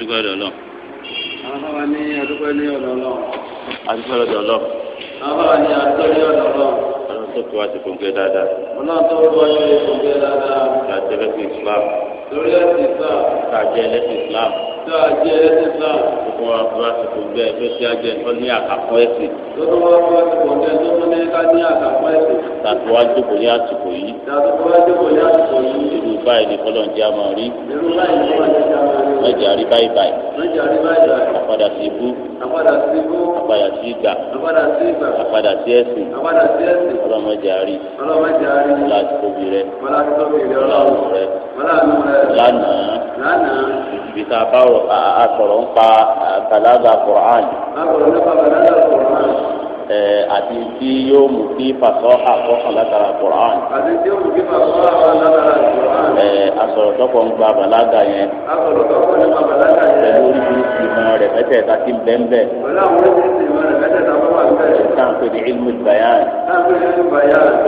adúgbò ẹ̀dọ̀ lọ. àwọn bàbá ní adúgbò ní ọ̀dọ̀ lọ. adúgbò ẹ̀dọ̀ lọ. àwọn bàbá ní adúgbò ní ọ̀dọ̀ lọ. ọlọ́run tó fi wá sí kòǹgẹ́ dáadáa. ọlọ́run tó fi wá sí kòǹgẹ́ dáadáa. kàjẹ́ lẹ́sìn Islam. lórí ẹ̀sìn Islam. kàjẹ́ lẹ́sìn Islam tó a jẹ ẹsẹ náà. gbogbo wa fún àsìkò bẹ́ẹ̀ tó ti ajẹ tó ní àkàkọ ẹsẹ. gbogbo wa fún àsìkò bẹ́ẹ̀ tó tún ní ká ní àkàkọ ẹsẹ. tàbí wàá jókòó ní àsìkò yìí. tàbí wàá jókòó ní àsìkò yìí. irú báyìí ni kọ́lọ̀ jẹ́ àmọ́ rí. irú báyìí ni kọ́lọ̀ jẹ́ àmọ́ rí. mẹ́jọ àrí báyìí mẹ́jọ àrí báyìí báyìí. àpadà sí àpadà sí bó. àpadà sí ìgbà. àpadà sí ìgbà. àpadà sí ẹ̀sìn. àpadà sí ẹ̀sìn. ọlọ́mọdé àárí. ọlọ́mọdé àárí. ọlá tóbi rẹ. ọlá tóbi rẹ. ọlá àánú rẹ. ọlá àánú rẹ. lánàá. lánàá. ibi tá a sọ̀rọ̀ ń pa kàlágà kùrán. a sọ̀rọ̀ nípa kàlágà kùrán àti tí yóò mú kí fasọ́ àkọ́kàn látara Qur'an. àti tí yóò mú kí fasọ́ àkọ́kàn látara Qur'an. asọ̀rọ̀ tọkọ̀ ń gba bàlágà yẹn. asọ̀rọ̀ tọkọ̀ ń gba bàlágà yẹn. pẹ̀lú oríṣiríṣi ìmọ̀ rẹ̀ mẹ́tẹ̀ẹ̀ta ti bẹ́ẹ̀ bẹ́ẹ̀. pẹ̀lú àwọn oríṣiríṣi ìmọ̀ rẹ̀ mẹ́tẹ̀ẹ̀ta tó wà bẹ́ẹ̀. táà ń pè ní ilmu bayan.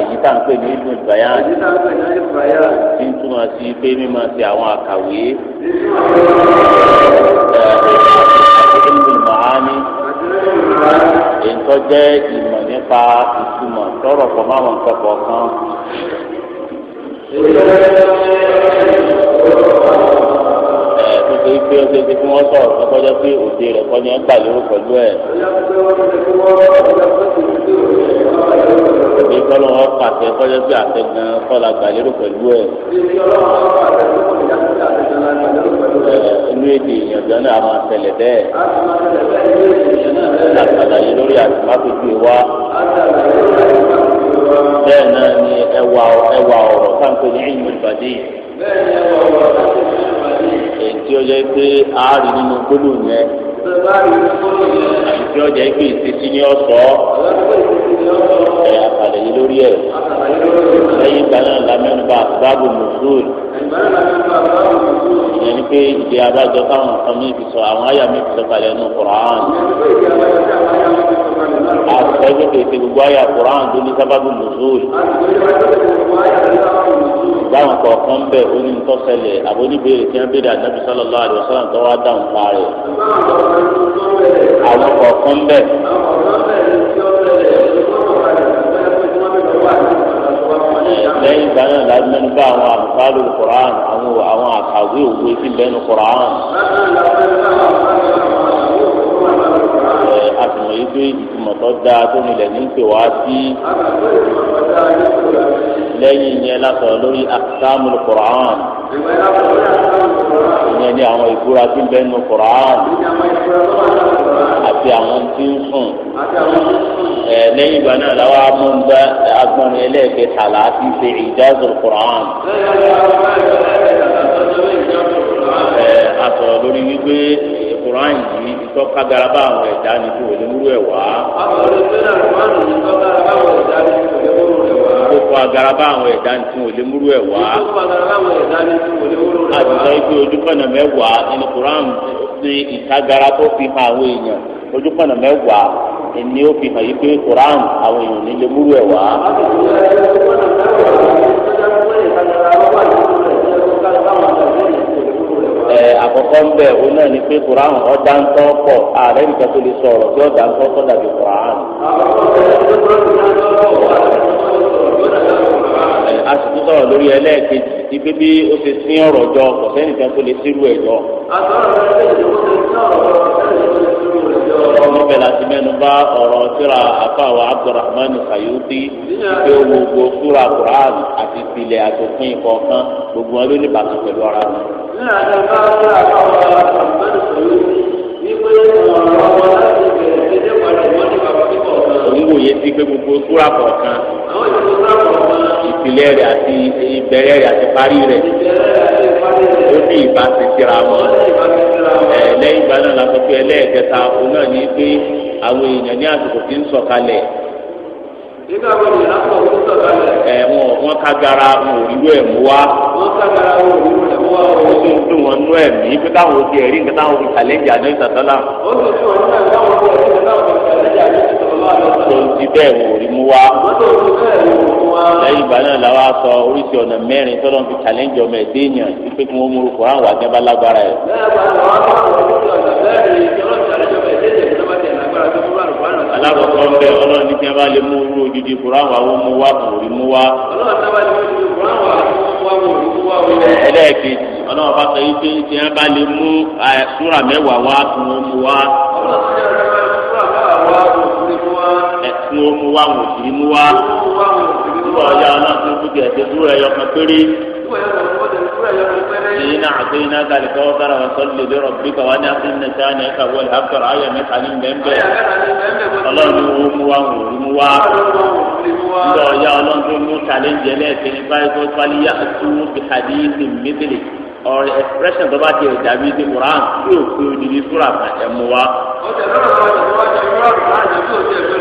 èyí táà ń pè ní ilmu bayan. èyí táà ń pè ní ilmu bayan. tí ń túmọ̀ sí pé mímọ sí àwọn àkàwé. ilmu maani ètò jẹ́ ìmọ̀ nípa ìtumọ̀ tọrọ pọ̀ máa wọn kọ̀ kọ̀ọ̀kan. ẹ̀ẹ́dùn tó gbé ọjọ́ tí wọ́n sọ̀rọ̀ tó kọjá pé òde rẹ̀ kọ́ ni ẹ̀ ń gbà lérò pẹ̀lú ẹ̀. òde kọ́lọ́ wọn pàṣẹ kọjá pé àtẹ̀gàn kọ́lá gbà lérò pẹ̀lú ẹ̀ nínú èdè èèyàn gan náà máa tẹ̀lẹ̀ bẹ́ẹ̀. àgbàláyé lórí àtìmákòjú wa. bẹ́ẹ̀ náà ni ẹwà ọ̀rọ̀ sáńpẹ́ ní ìlú ìbàdí. èyí tí ó yẹ pé àárí nínú gbólóhùn yẹn. àti tí ó yẹ pé ìṣesí ni ó sọ ọ́. ẹ̀ àgbàláyé lórí ẹ̀. lẹ́yìn ìgbà náà la mẹ́nu bá àbábò mùsùlùmí yẹn ni pé ìdí abájọ táwọn nǹkan mi fi sọ àwọn àyà mi fi sọ kalẹ̀ nù Qur'an àtẹ̀jọ́ kéde gbogbo àyà Qur'an tó ní sábàbí nùsùlù dáhùn kọ̀ọ̀kan bẹ̀ oní ntọ́sẹ̀lẹ̀ àbóníbèrè tí wọ́n béèrè ànábì sallallahu alaihi wasallam tó wá dáhùn pa àwọn kọ̀ọ̀kan bẹ̀ lẹ́yìn ìgbà náà láti bá àwọn àlùfáà lórí Qur'an àwọn àwọn ربي وفي بين القرآن أسمى يبي ثم تبدأتون إلى نيك واسي لين يلا تولي أقسام القرآن لين يعمى يقول أتين بين القرآن أتي عمان تنسون آه، لين بنا لو عمان ذا أزمان إليك حالاتي في القرآن lórí wípé kuran yìí ìtọ́ka garaba àwọn ẹ̀dá ni kò lè múrú ẹ̀ wá. akọ̀wé sẹ́nà kuran garaba àwọn ẹ̀dá ni kò lè múrú ẹ̀ wá. kókó agaraba àwọn ẹ̀dá ni kò lè múrú ẹ̀ wá. kókó agaraba àwọn ẹ̀dá ni kò lè múrú ẹ̀ wá. àti sọ pé ojúkọ̀nà mẹ́wàá ẹni kuran ti ìtagara tó fi hàn àwọn èèyàn ojúkọ̀nà mẹ́wàá ẹni ó fi hàn yí pé kuran àwọn èèyàn ní lè múrú ẹ̀ wá. àkọ́kọ́ ń bẹ̀ òun náà ni pé kuran ọ̀dà ń tọ́ pọ̀ ààrẹ nìkan tó lè sọ̀rọ̀ tí ọ̀dà ń tọ́ tọ́ dàbí kuran. a sì tún sọ̀rọ̀ lórí ẹlẹ́ẹ̀kejì ti pé bí ó ṣe sín ọ̀rọ̀ jọ kò sẹ́nìkan tó lè sírú ẹ̀ jọ. àtọ́rọ̀ ẹ̀ṣẹ̀ ìjọba ọbẹ̀ láti mẹ́nu bá ọ̀rọ̀ síra àfàwọ̀ abdulrahman sayuti ìgbé gbogbo súra quran àti ìpìlẹ̀ àtòkùn ìkọ̀ọ̀kan gbogbo wọn ló ní bàtà pẹ̀lú ara wọn. ní àdàbà ọ̀rọ̀ àfàwọ̀ abdulrahman sayuti wípé ọ̀rọ̀ ọmọ láti bẹ̀rẹ̀ ẹ̀jẹ̀ padà wọ́n ní bàbá pípọ̀ kan. oníwòye ti pé gbogbo súra kọ̀ọ̀kan ìpìlẹ̀ rẹ̀ àti ìbẹ̀rẹ̀ rẹ̀ àti parí rẹ̀ ó ní ìbáṣe síra wọn lẹ́yìn ìgbà náà la sọ pé ẹlẹ́ẹ̀kẹta òun náà ní pé àwọn èèyàn ní àsìkò tí ń sọ̀kalẹ̀. nígbà wo ni àpò òun sọ̀kalẹ̀. ẹ wọn wọn kágara wọn ò ríru ẹ mú wa. wọn kágara wọn ò ríru ẹ mú wa. ó sì ń dùn wọn nú ẹ̀mí pé káwọn ò ti ẹ̀rí nǹkan táwọn fi challenge àná ìsàtọ́lá. ó sì ń dùn wọn nú ẹ̀mí káwọn ò ti ẹ̀rí nǹkan táwọn fi challenge àná ìsàtọ́lá lẹ́yìn ìgbà náà làwa sọ oríṣi ọ̀nà mẹ́rin tọ́lọ́ fi challenge ọmọ ẹ̀ déèyàn pé kí wọ́n mú koran wà jẹ́ bá lágbára ẹ̀. alákọ̀ọ́kọ́ ń bẹ ọlọ́run ní kí wọ́n bá lè mú irú odidi koran wà wọ́n mú wá kò rí mú wá. ẹlẹ́ẹ̀kejì ọlọ́run bá sọ yìí pé tí wọ́n bá lè mú súrà mẹ́wàá wá kò wọ́n mú wá fún wa wò sí mú wa sọ ọjà aláǹtí fúdi ẹ̀jẹ̀ dúró ẹ̀yọ kan péré. ìyínà àti iná kàlí kọ́ sára wọn sọ lè lérò bí kàwá ní àti iná sáà ní ẹ̀ka wọlé àbúrò ayọ̀ mẹ́ta ní bẹ́ẹ̀ ọlọ́run wo mú wa wò mú wa sọ ọjà ọlọ́run mú challenge ẹlẹ́ẹ̀kẹ́ báyìí kó pálí yá àtúwò bí hadithi mídìlì ọ̀rọ̀ expression tó bá ti rẹ̀ dàbí ti Quran tí ò pé odidi súrà ẹ̀mú wa. ọjà lọ́rọ̀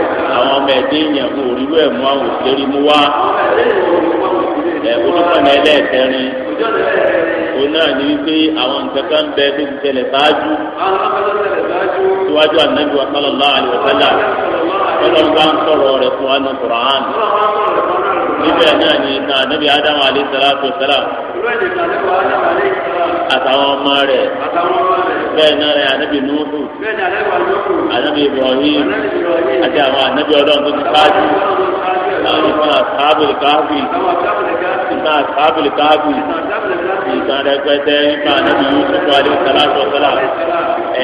àwọn ọmọ ẹ̀dẹ́ yẹn kò rí wẹ̀ mú àwọn òṣèré mú wá ẹ̀ onímọ̀nà ẹlẹ́ẹ̀kẹrin òun náà ní wípé àwọn nǹkan kan bẹ tó ti tẹlẹ̀ sáájú síwájú ànábi wa sallallahu alaihi wa ń sọ̀rọ̀ rẹ̀ fún wa ní níbẹ̀ náà ní ìtàn ànábi Ádámù alaihi salatu wa àtàwọn ọmọ rẹ̀ bẹ́ẹ̀ náà rẹ̀ anabi nuhu anabi ibrahim àti àwọn anabi ọlọ́run tó ti káàdì àwọn ìfọ̀n àtàbìlì káàbì ìfọ̀n àtàbìlì káàbì. ìtàn a nípa níbi Yusuf alẹ́ sàlátọ̀ sàlá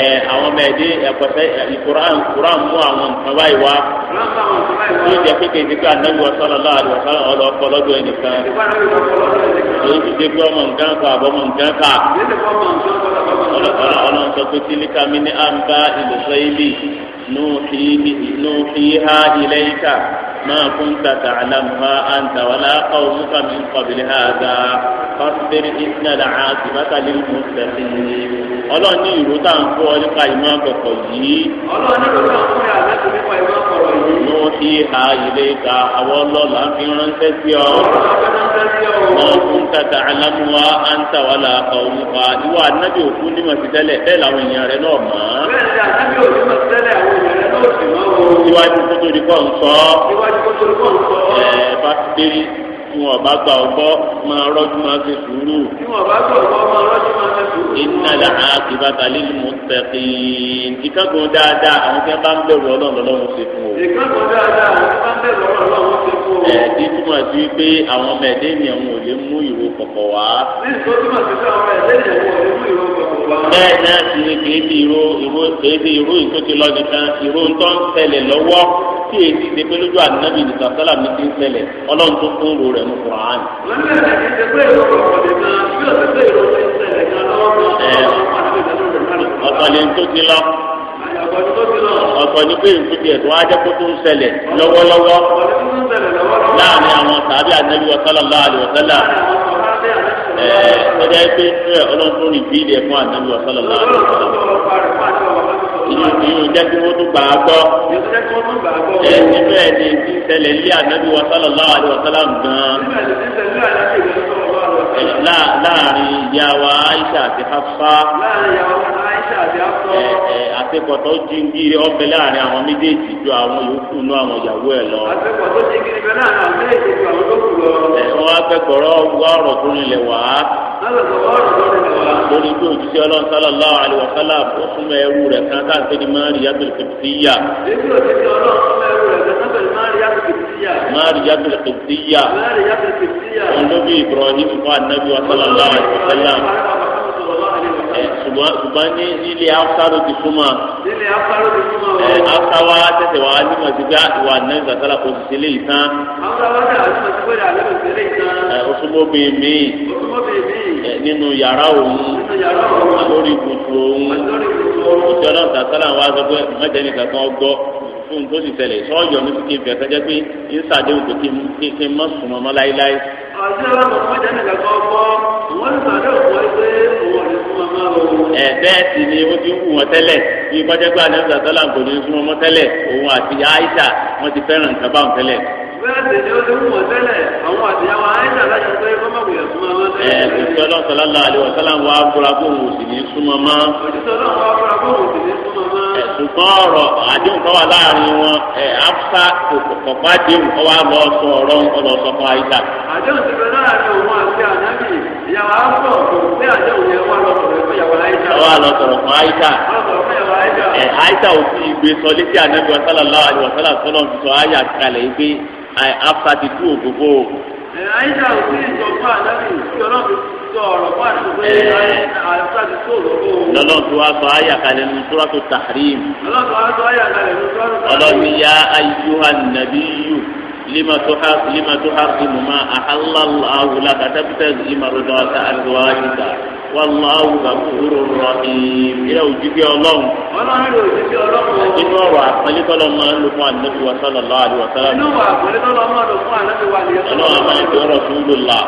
ẹ àwọn mẹ́ẹ̀dé ẹ̀pẹ̀tẹ ìkùrán kùrán mú àwọn nǹkan báyìí ní ìjẹ́ kékeré ti pé ànábi wọ sọ́lá láàrin wọ sọ́lá ọ̀dọ̀ ọkọ lọ́dọ̀ ẹnìkan ti dé nǹkan nǹkan ما كنت تعلمها أنت ولا قومك من قبل هذا فاصبر إن العاقبة للمتقين ọlọ́run ní ìró tá à ń kọ́ nípa ìmọ̀ àkọ́kọ́ yìí. ọlọ́run ní ìró tá à ń kọ́ láti nípa ìmọ̀ àkọ́kọ́ yìí. mo ti ha ilé ka àwọn ọlọ́lá fi ránṣẹ́ sí ọ. wọ́n fún tata alámúwa à ń tà wá la wa ìwà anábì òkú nímọ̀ sí tẹ́lẹ̀ bẹ́ẹ̀ làwọn èèyàn rẹ̀ náà mọ̀. bẹ́ẹ̀ ni anábì òkú nímọ̀ sí tẹ́lẹ̀ àwọn èèyàn iwájú kótó ni kò ń sọ ẹ bá ti dérí tí wọn bá gbà ọgbọ́ máa rọ́jú máa fi sùúrù. tí wọn bá gbà ọgbọ́ máa rọ́jú máa fi sùúrù. iná là á ti bá talé ní mo tẹ̀sí. ìkẹ́kọ̀ọ́ dáadáa àwọn tí wọ́n bá ń bẹ̀rù ọlọ́run lọ́wọ́ ṣe fún o. ìkẹ́kọ̀ọ́ dáadáa àwọn tí wọ́n bá ń bẹ̀rù ọlọ́run lọ́wọ́ ṣe fún o. ẹ̀ ti túmọ̀ sí pé àwọn ọmọ ẹ̀dẹ́ ni àwọn ò lè mú ìró kọ̀kọ̀ bẹ́ẹ̀ náà sì ni kèédì ìró ìró kèédì ìró ìtó ti lọ nìkan ìró ń tọ́ ń tẹ̀lẹ̀ lọ́wọ́ tí èyí ti pé lójú ànábì ní sàtọ́là mi ti ń ṣẹlẹ̀ ọlọ́run tó fún ro rẹ̀ ní Kùránì. ọ̀sán ni tó ti lọ ọ̀sán ni pé ìfúdi ẹ̀tọ́ ajẹ́kó tó ń ṣẹlẹ̀ lọ́wọ́lọ́wọ́ láàrin àwọn tàbí ànábì wọ́sálà láàrin wọ́sálà ẹ̀ẹ́dẹ́gbẹ́ ọlọ́run tó rìn bí ilẹ̀ fún ànábì wọ́sálà láàrin wọ́sálà ìyẹn ìyẹn jẹ́ kí wọ́n tún gbà á gbọ́. ẹ nínú ẹ̀ ní ti ṣẹlẹ̀ lé ànábì wa sallallahu alaihi wasallam gan. láàrin ìyá wa Aisha àti Hafsa. láàrin ìyá wa Aisha àti Hafsa àṣepọ̀tọ̀ jíngiri ọbẹ̀ láàrin àwọn méjèèjì ju àwọn yòókù nú àwọn ìyàwó ẹ̀ lọ. àṣepọ̀tọ̀ jíngiri bẹ láàrin àwọn méjèèjì ju àwọn yòókù lọ. ẹ wọn akẹkọọrọ wá ọ̀rọ̀ tó nílẹ̀ wá. lórí pé òjíṣẹ́ Ọlọ́run sallallahu alaihi wasallam ó súnmọ́ ẹrú rẹ̀ kan káàkiri ní Mariyatul Qibtiyya. lórí òjíṣẹ́ Ọlọ́run súnmọ́ ẹrú rẹ̀ kan káàkiri Mariyatul Qibtiyya. Mariyatul Qibtiyya ṣùgbọ́n ní ilé afta ló ti súnmọ́. ilé afta ló ti súnmọ́ o. ẹ afta wa tẹsẹ̀ wa ní màsígbà ìwà náà gbàgbọ́lá kò sì sílé yìí tán. afta wa náà ní màsígbà ìwà náà kò sì sílé yìí tán. ẹ osùnmọ́bìn mi. osùnmọ́bìn mi. nínú yàrá òun. nínú yàrá òun. àlórí ibùsùn òun. àlórí ibùsùn òun. òjò náà tàtàlà wa sọ pé mẹ́tẹ́ni kankan gbọ́ fún tó ti ṣẹlẹ̀ sọ́ọ̀yọ̀ ní kí n fẹ́ sẹ́jẹ́ pé ń sàdéhùn pé kí n kí sùn mọ́ láéláé. àti àwọn ọmọ ìjẹ́nìkan kan gbọ́ sàdéhùn pé ẹ̀bẹ́ sì ni ó ti wù wọn tẹ́lẹ̀ bí kọjá pé àdéhùn sàtọ́là kò ní súnmọ́ wọn tẹ́lẹ̀ òun àti Aisha wọn ti fẹ́ràn nǹkan báwọn tẹ́lẹ̀. bẹ́ẹ̀ sì ni ó ti wù wọn tẹ́lẹ̀ àwọn àtìyàwó Aisha láti pé kọ́mọ̀kù yẹn súnmọ́ wọn tẹ́lẹ̀. ẹ̀ òṣìṣẹ́ ọlọ́run sọlá la àlè wọ́n sọlá wọn abúra kó òun sì ní súnmọ́ mọ́. òṣìṣẹ́ ọlọ́run wọn abúra kó òun sì ní súnmọ́ mọ́. ṣùgbọ́n ọ̀rọ̀ àdéhùn kọ́ wà láàrin wọn ẹ̀ afsa kọ̀ọ̀pá àdéhùn kọ́ wà lọ́ọ́ sọ ọ̀rọ̀ ọlọ́sọ̀kọ̀ Aisha. àdéhùn ti bẹ láàrin òun àti ànábì ìyàwó àbọ̀ ní àjọ òun yẹn wà lọ́sọ̀rọ̀ fún ìyàwó àyíṣà. wà lọ́sọ̀rọ̀ fún àyíṣà. ẹ àyíṣà ò fi ìgbé sọ létí ànágbé wasálà láwà ni wasálà sọlọ ń sọ àyà kalẹ̀ yìí pé after the two ògógó. ẹ àyíṣà ò fi ìsọ fún ànábì tí ọlọ́run sọ ọ̀rọ̀ fún ànábì pé after the two ògógó. lọ́lọ́run tó wá sọ àyà kalẹ̀ nínú Suratu Tahrim. lọ́lọ́run tó wá sọ àyà kalẹ̀ nínú Suratu Tahrim. ọlọ́run ya لما تحرم لما تحرم ما أحل الله لك تبتغي مرضات أزواجك والله غفور رحيم إلى وجهك يا الله inú ọ̀rọ̀ àpẹẹlẹ tọlọ máa ń lò fún ànábi wa sọlọ lọ àdìwọ sọlọ. inú ọ̀rọ̀ àpẹẹlẹ tọlọ máa ń lò fún ànábi wa lè sọlọ. ọlọ́run máa ń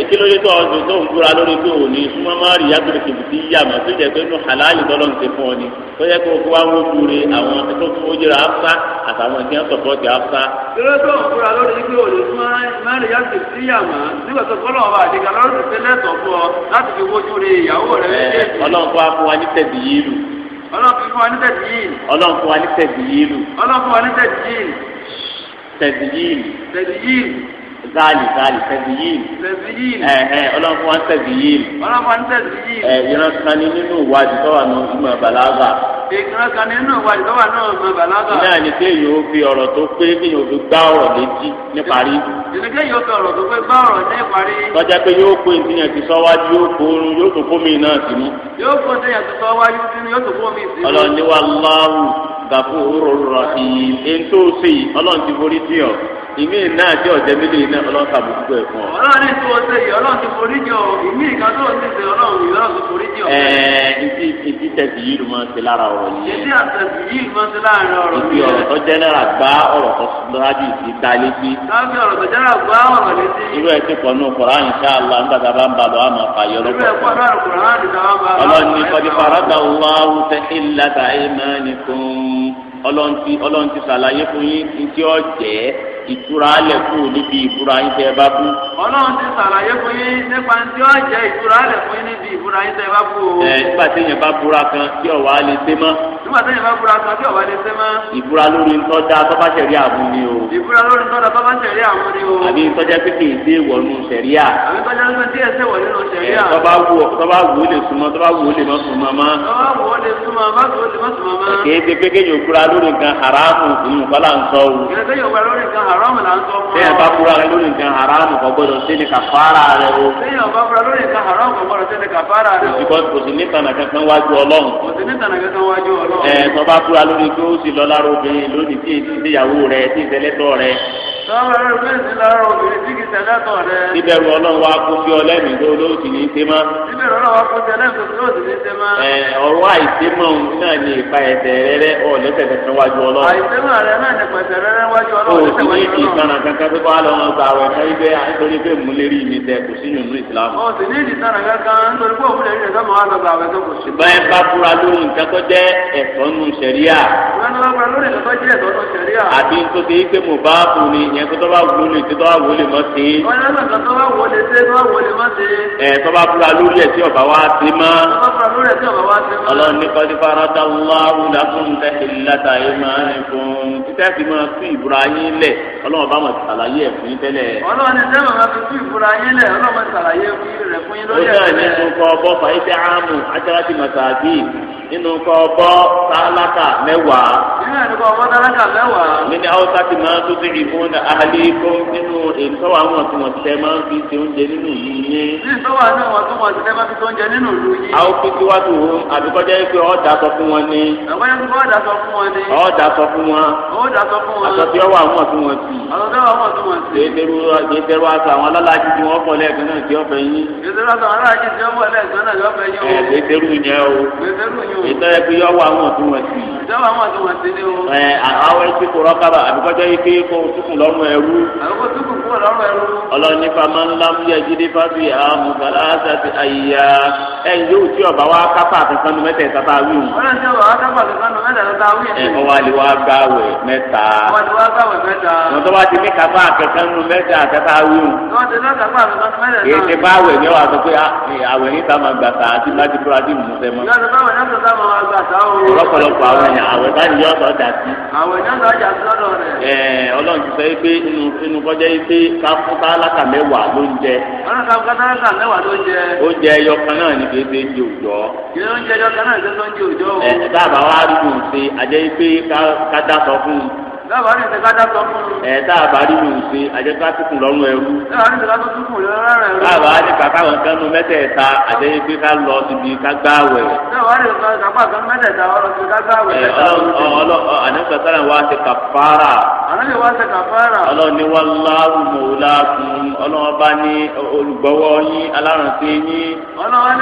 èké lóye tó ọdún tó ń gbúra lórí pé òní súnmọ́ máa rí yàtọ̀ kìbì tí yíyà mọ̀ tó jẹ́ pé inú halali tọ́lọ́ ń ṣe fún ọ ni tó yẹ kó kó wá wó dure àwọn tó tó jẹrọ afsa àtàwọn ìdí ẹ̀sọ̀ bọ́ọ̀tì afsa. lóye tó ń gbúra lórí pé òní súnmọ́ yàtọ̀ kìbì tí nígbà tó kọ́ lọ́wọ́ àdìgá lọ́rùn tẹ́lẹ̀ tọ̀ fún ọ láti fi wó dure ìyàwó rẹ̀ sáàlì sáàlì sẹ́bìyìn. sẹ́bìyìn. ẹ ẹ ọlọ́run wa sẹ́bìyìn. ọlọ́run wa sẹ́bìyìn. ẹ eh, ìran kan ní nínú ìwádìí tó wà ní ìmọ̀ bàlágà. ìran kan nínú ìwádìí tó wà ní ìmọ̀ bàlágà. náà ni kéèyàn ó fi ọ̀rọ̀ tó pé kéèyàn ó fi gbá ọ̀rọ̀ létí níparí. ìdíkéèyàn ó fi ọ̀rọ̀ tó pé gbá ọ̀rọ̀ níparí. tọ́jà pé yóò pé ìdíyàn ti sọ wájú yóò kó oorun yóò tó kó mi náà sínú. yóò ti sọ wájú yóò kó ìmí iná àti ọ̀jẹ̀ mílí iná ọlọ́run ta àbùkù ẹ̀ fún ọ. ọlọ́run ní tí wọ́n ṣe yìí ọlọ́run ti forí jọ ìmí ìka tó ń ṣe ọlọ́run yìí ọlọ́run ti forí jọ. ẹ ìdí ìdí tẹ̀sí yìí ló máa ń ṣe lára ọ̀rọ̀ yẹn. ìdí àtẹ̀sí yìí ló máa ń ṣe láàrin ọ̀rọ̀ yẹn. ìdí ọ̀rọ̀ tó jẹ́nẹ́rà gbá ọ̀rọ̀ tó lájú ìdí ta létí. láti ọ̀rọ̀ tó jẹ́nẹ́rà gbá ọ̀rọ̀ létí. irú ẹ̀ ti pọ̀ nù kọ̀ọ̀rán insha Allah nígbà tá a bá ń balọ̀ àmọ́ fàyọ̀ lọ́pọ̀. ọlọ́ni kọ́ni farada Allahu tahillata aymanikum ọlọ́run ti ṣàlàyé fún yín tí ó jẹ́ ìtura alẹ̀ kú níbi ìbúra yín tẹ́ ẹ bá kú. ọlọ́run ti sàlàyé fún yín nípa tí ó jẹ́ ìtura alẹ̀ fún yín níbi ìbúra yín tẹ́ ẹ bá kú o. ẹ nígbà tí èèyàn bá búra kan tí ọ̀wá lè sé mọ́. nígbà tí èèyàn bá búra kan tí ọ̀wá lè sé mọ́. ìbúra lórí ntọ́ da tọ́ba ṣẹ̀rí àmú ni o. ìbúra lórí ntọ́ da tọ́ba ṣẹ̀rí àmú ni o. àbí tọ́jà pé kì í dé wọnú ṣẹ̀ríà. àbí tọ́jà pé kì í dé wọnú ṣẹ̀ríà. tọ́ba haramu là ń sọ fún ọ. bẹ́ẹ̀ bá fura rẹ lórí nǹkan haramu kò gbọdọ̀ sí ni kàfàrà rẹ o. bẹ́ẹ̀ bá fura lórí nǹkan haramu kò gbọdọ̀ sí ni kàfàrà rẹ o. kò sí kò sí ní tànà kankan wájú ọlọ́run. kò sí ní tànà kankan wájú ọlọ́run. ẹ tó bá fura lórí pé ó sì lọ lára lónìí tí èyí ti tí ìtẹ́lẹ́tọ̀ rẹ sọ́wọ́n rẹ̀ bí èsì lára obìnrin tí kì í tẹ̀lé tọ̀ rẹ̀. ìbẹ̀rù ọlọ́run wa kó fi ọlẹ́mì ló sì ní í ṣe má. ìbẹ̀rù ọlọ́run wa kó fi ọlẹ́mì ló sì ní í ṣe má. ẹ ọ̀rọ̀ àìsèmọ̀ náà ni ìpa ẹ̀sẹ̀ rẹ rẹ ọ̀ lẹ́sẹ̀ kankan wájú ọlọ́run. àìsèmọ̀ rẹ náà ni pẹ̀sẹ̀ rẹ rẹ wájú ọlọ́run. o sì ní ìtara kankan tó bá lọ wọn gba àwọn ẹ̀ka ibẹ̀ nítorí pé mú lérí mi tẹ kò sí yùnú ìsìlámù. o sì ní ìtara kankan nítorí yẹn pé tọ́ba wo lè ṣe tọ́ba wo lè mọ́ ṣe. ọlọ́mọdé tọ́ba wo lè ṣe tọ́ba wo lè mọ́ ṣe. ẹ tọ́ba fúra lórí ẹ̀ tí ọba wa ti mọ́. tọ́ba fúra lórí ẹ̀ tí ọba wa ti mọ́. ọlọ́run ní kọ́sí farata wúláwù lákùn tẹ́sí láta yé máa ń fún un. títẹ́ fi máa fi ìbúra yín lẹ̀ ọlọ́run bá mọ̀ sàlàyé ẹ̀ fún yín tẹ́lẹ̀. ọlọ́run ní sẹ́wọ̀n máa fi fi ìbúra nínú kọ bọ tálákà mẹ́wàá. nínú ẹni kọ bọ tálákà mẹ́wàá. mi ni awusa ti máa tó ti ìfún náà ahadikum nínú ìtọ́wà wọn tí wọ́n tẹ máa ń fi ṣe oúnjẹ nínú ìlú yín. ní ìtọ́wà náà wọ́n tún wọ́n ti tẹ́ máa fi ṣe oúnjẹ nínú ìlú yín. a ó fi kí wá tó wọn àbíkọ́jẹ́ pé ọ́ da sọ fún wọn ni. àbáyọ pé ọ́ da sọ fún wọn ni. ọ́ da sọ fún wọn. ó da sọ fún wọn. àtọ̀tí ọwọ́ àwọn tí wọ́n fi. àtọ̀tí ọwọ́ àwọn tí wọ́n fi. ìdèrú aṣọ àwọn lọ́lájì tí wọ́n fọ́ lẹ́ẹ̀kan náà tí wọ́n fẹ́ yín. ẹ̀ ìdèrú yẹn àwọn tí tí wọ́n ti lọ́rùn ẹrú. àwọn tó kù kúrò lọ́rùn ẹrú. ọlọ́run nípa máa ń lámú yẹ jíde fábí àmú kàlásà ti àyà ẹ̀ ń yóò tí ọba wa kápá àtúntàn nu mẹ́tẹ̀ẹ̀ta tá a wí o. ọlọ́run tí ọba wa kápá àtúntàn nu mẹ́tẹ̀ẹ̀ta tá a wí. ẹ̀ ọwọ́ àlè wa gbàwẹ̀ mẹ́ta. ọwọ́ àlè wa gbàwẹ̀ mẹ́ta. ọ̀tọ́ wa ti ní kápá àtúntàn nu mẹ́tẹ̀ẹ̀ta tá a wí o. kì í ṣe báwẹ̀ ni wàá sọ pé àwẹ̀ ní ta máa gbàtà àti láti fúra dì mú sẹ́mọ́. ọ̀pọ̀lọpọ̀ àwọn àwẹ̀ báyìí yọ pé inú inú kọjá yìí pé ká fún tálákà mẹ́wàá ló ń jẹ. wọn kà fún mẹ́wàá ló ń jẹ. ẹyọ kan náà kéde di òjọ. oúnjẹ ẹyọ kan náà di òjọ. ẹ dábàá wa rí ṣe ká dá ẹ tá mi ṣe àjẹká tukùn lọ́rùn ẹrú. báwa ní kàkà wọn kan nu mẹ́tẹ̀ẹ̀ta àjẹyẹ pé ká lọ síbi ká gbá wẹ̀. ọlọ́run sọ̀tàn wa ṣe kàfàrà. ọlọ́run ni wọ́n láwù mọ̀ọ́lá fún ọlọ́run bá ní olùgbọ́wọ́ yín alárànṣe yín. ọlọ́run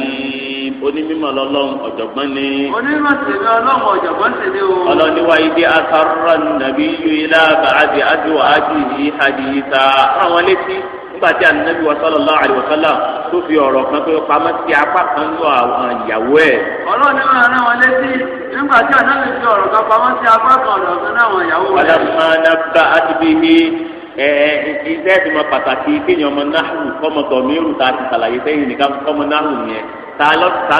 ni o. onímọ̀ lọ́lọ́run ọ̀jọ̀gbọ́n ni. onímọ̀ tèmi ọlọ́run ọ̀jọ̀gbọ́n tèmi o. ọlọ́ni wa ibi asarra nàbí yuyila bàdì àdìwà àdìyí àdìyíta. àwọn létí nígbà tí anabi wa sallallahu alaihi wa sallam tó fi ọ̀rọ̀ kan tó pamọ́ sí apá kan lọ àwọn ìyàwó ẹ̀. ọlọ́ni wa rán wọn létí nígbà tí anabi fi ọ̀rọ̀ kan pamọ́ sí apá kan lọ fún àwọn ìyàwó rẹ̀. ọlọ́run ìṣe ẹ̀sìn mọ pàtàkì kéèyàn ọmọ náhùn kọ́mọ tọ̀míìrù tá a ti ṣàlàyé sẹ́yìn nìkan kọ́mọ náhùn yẹn ta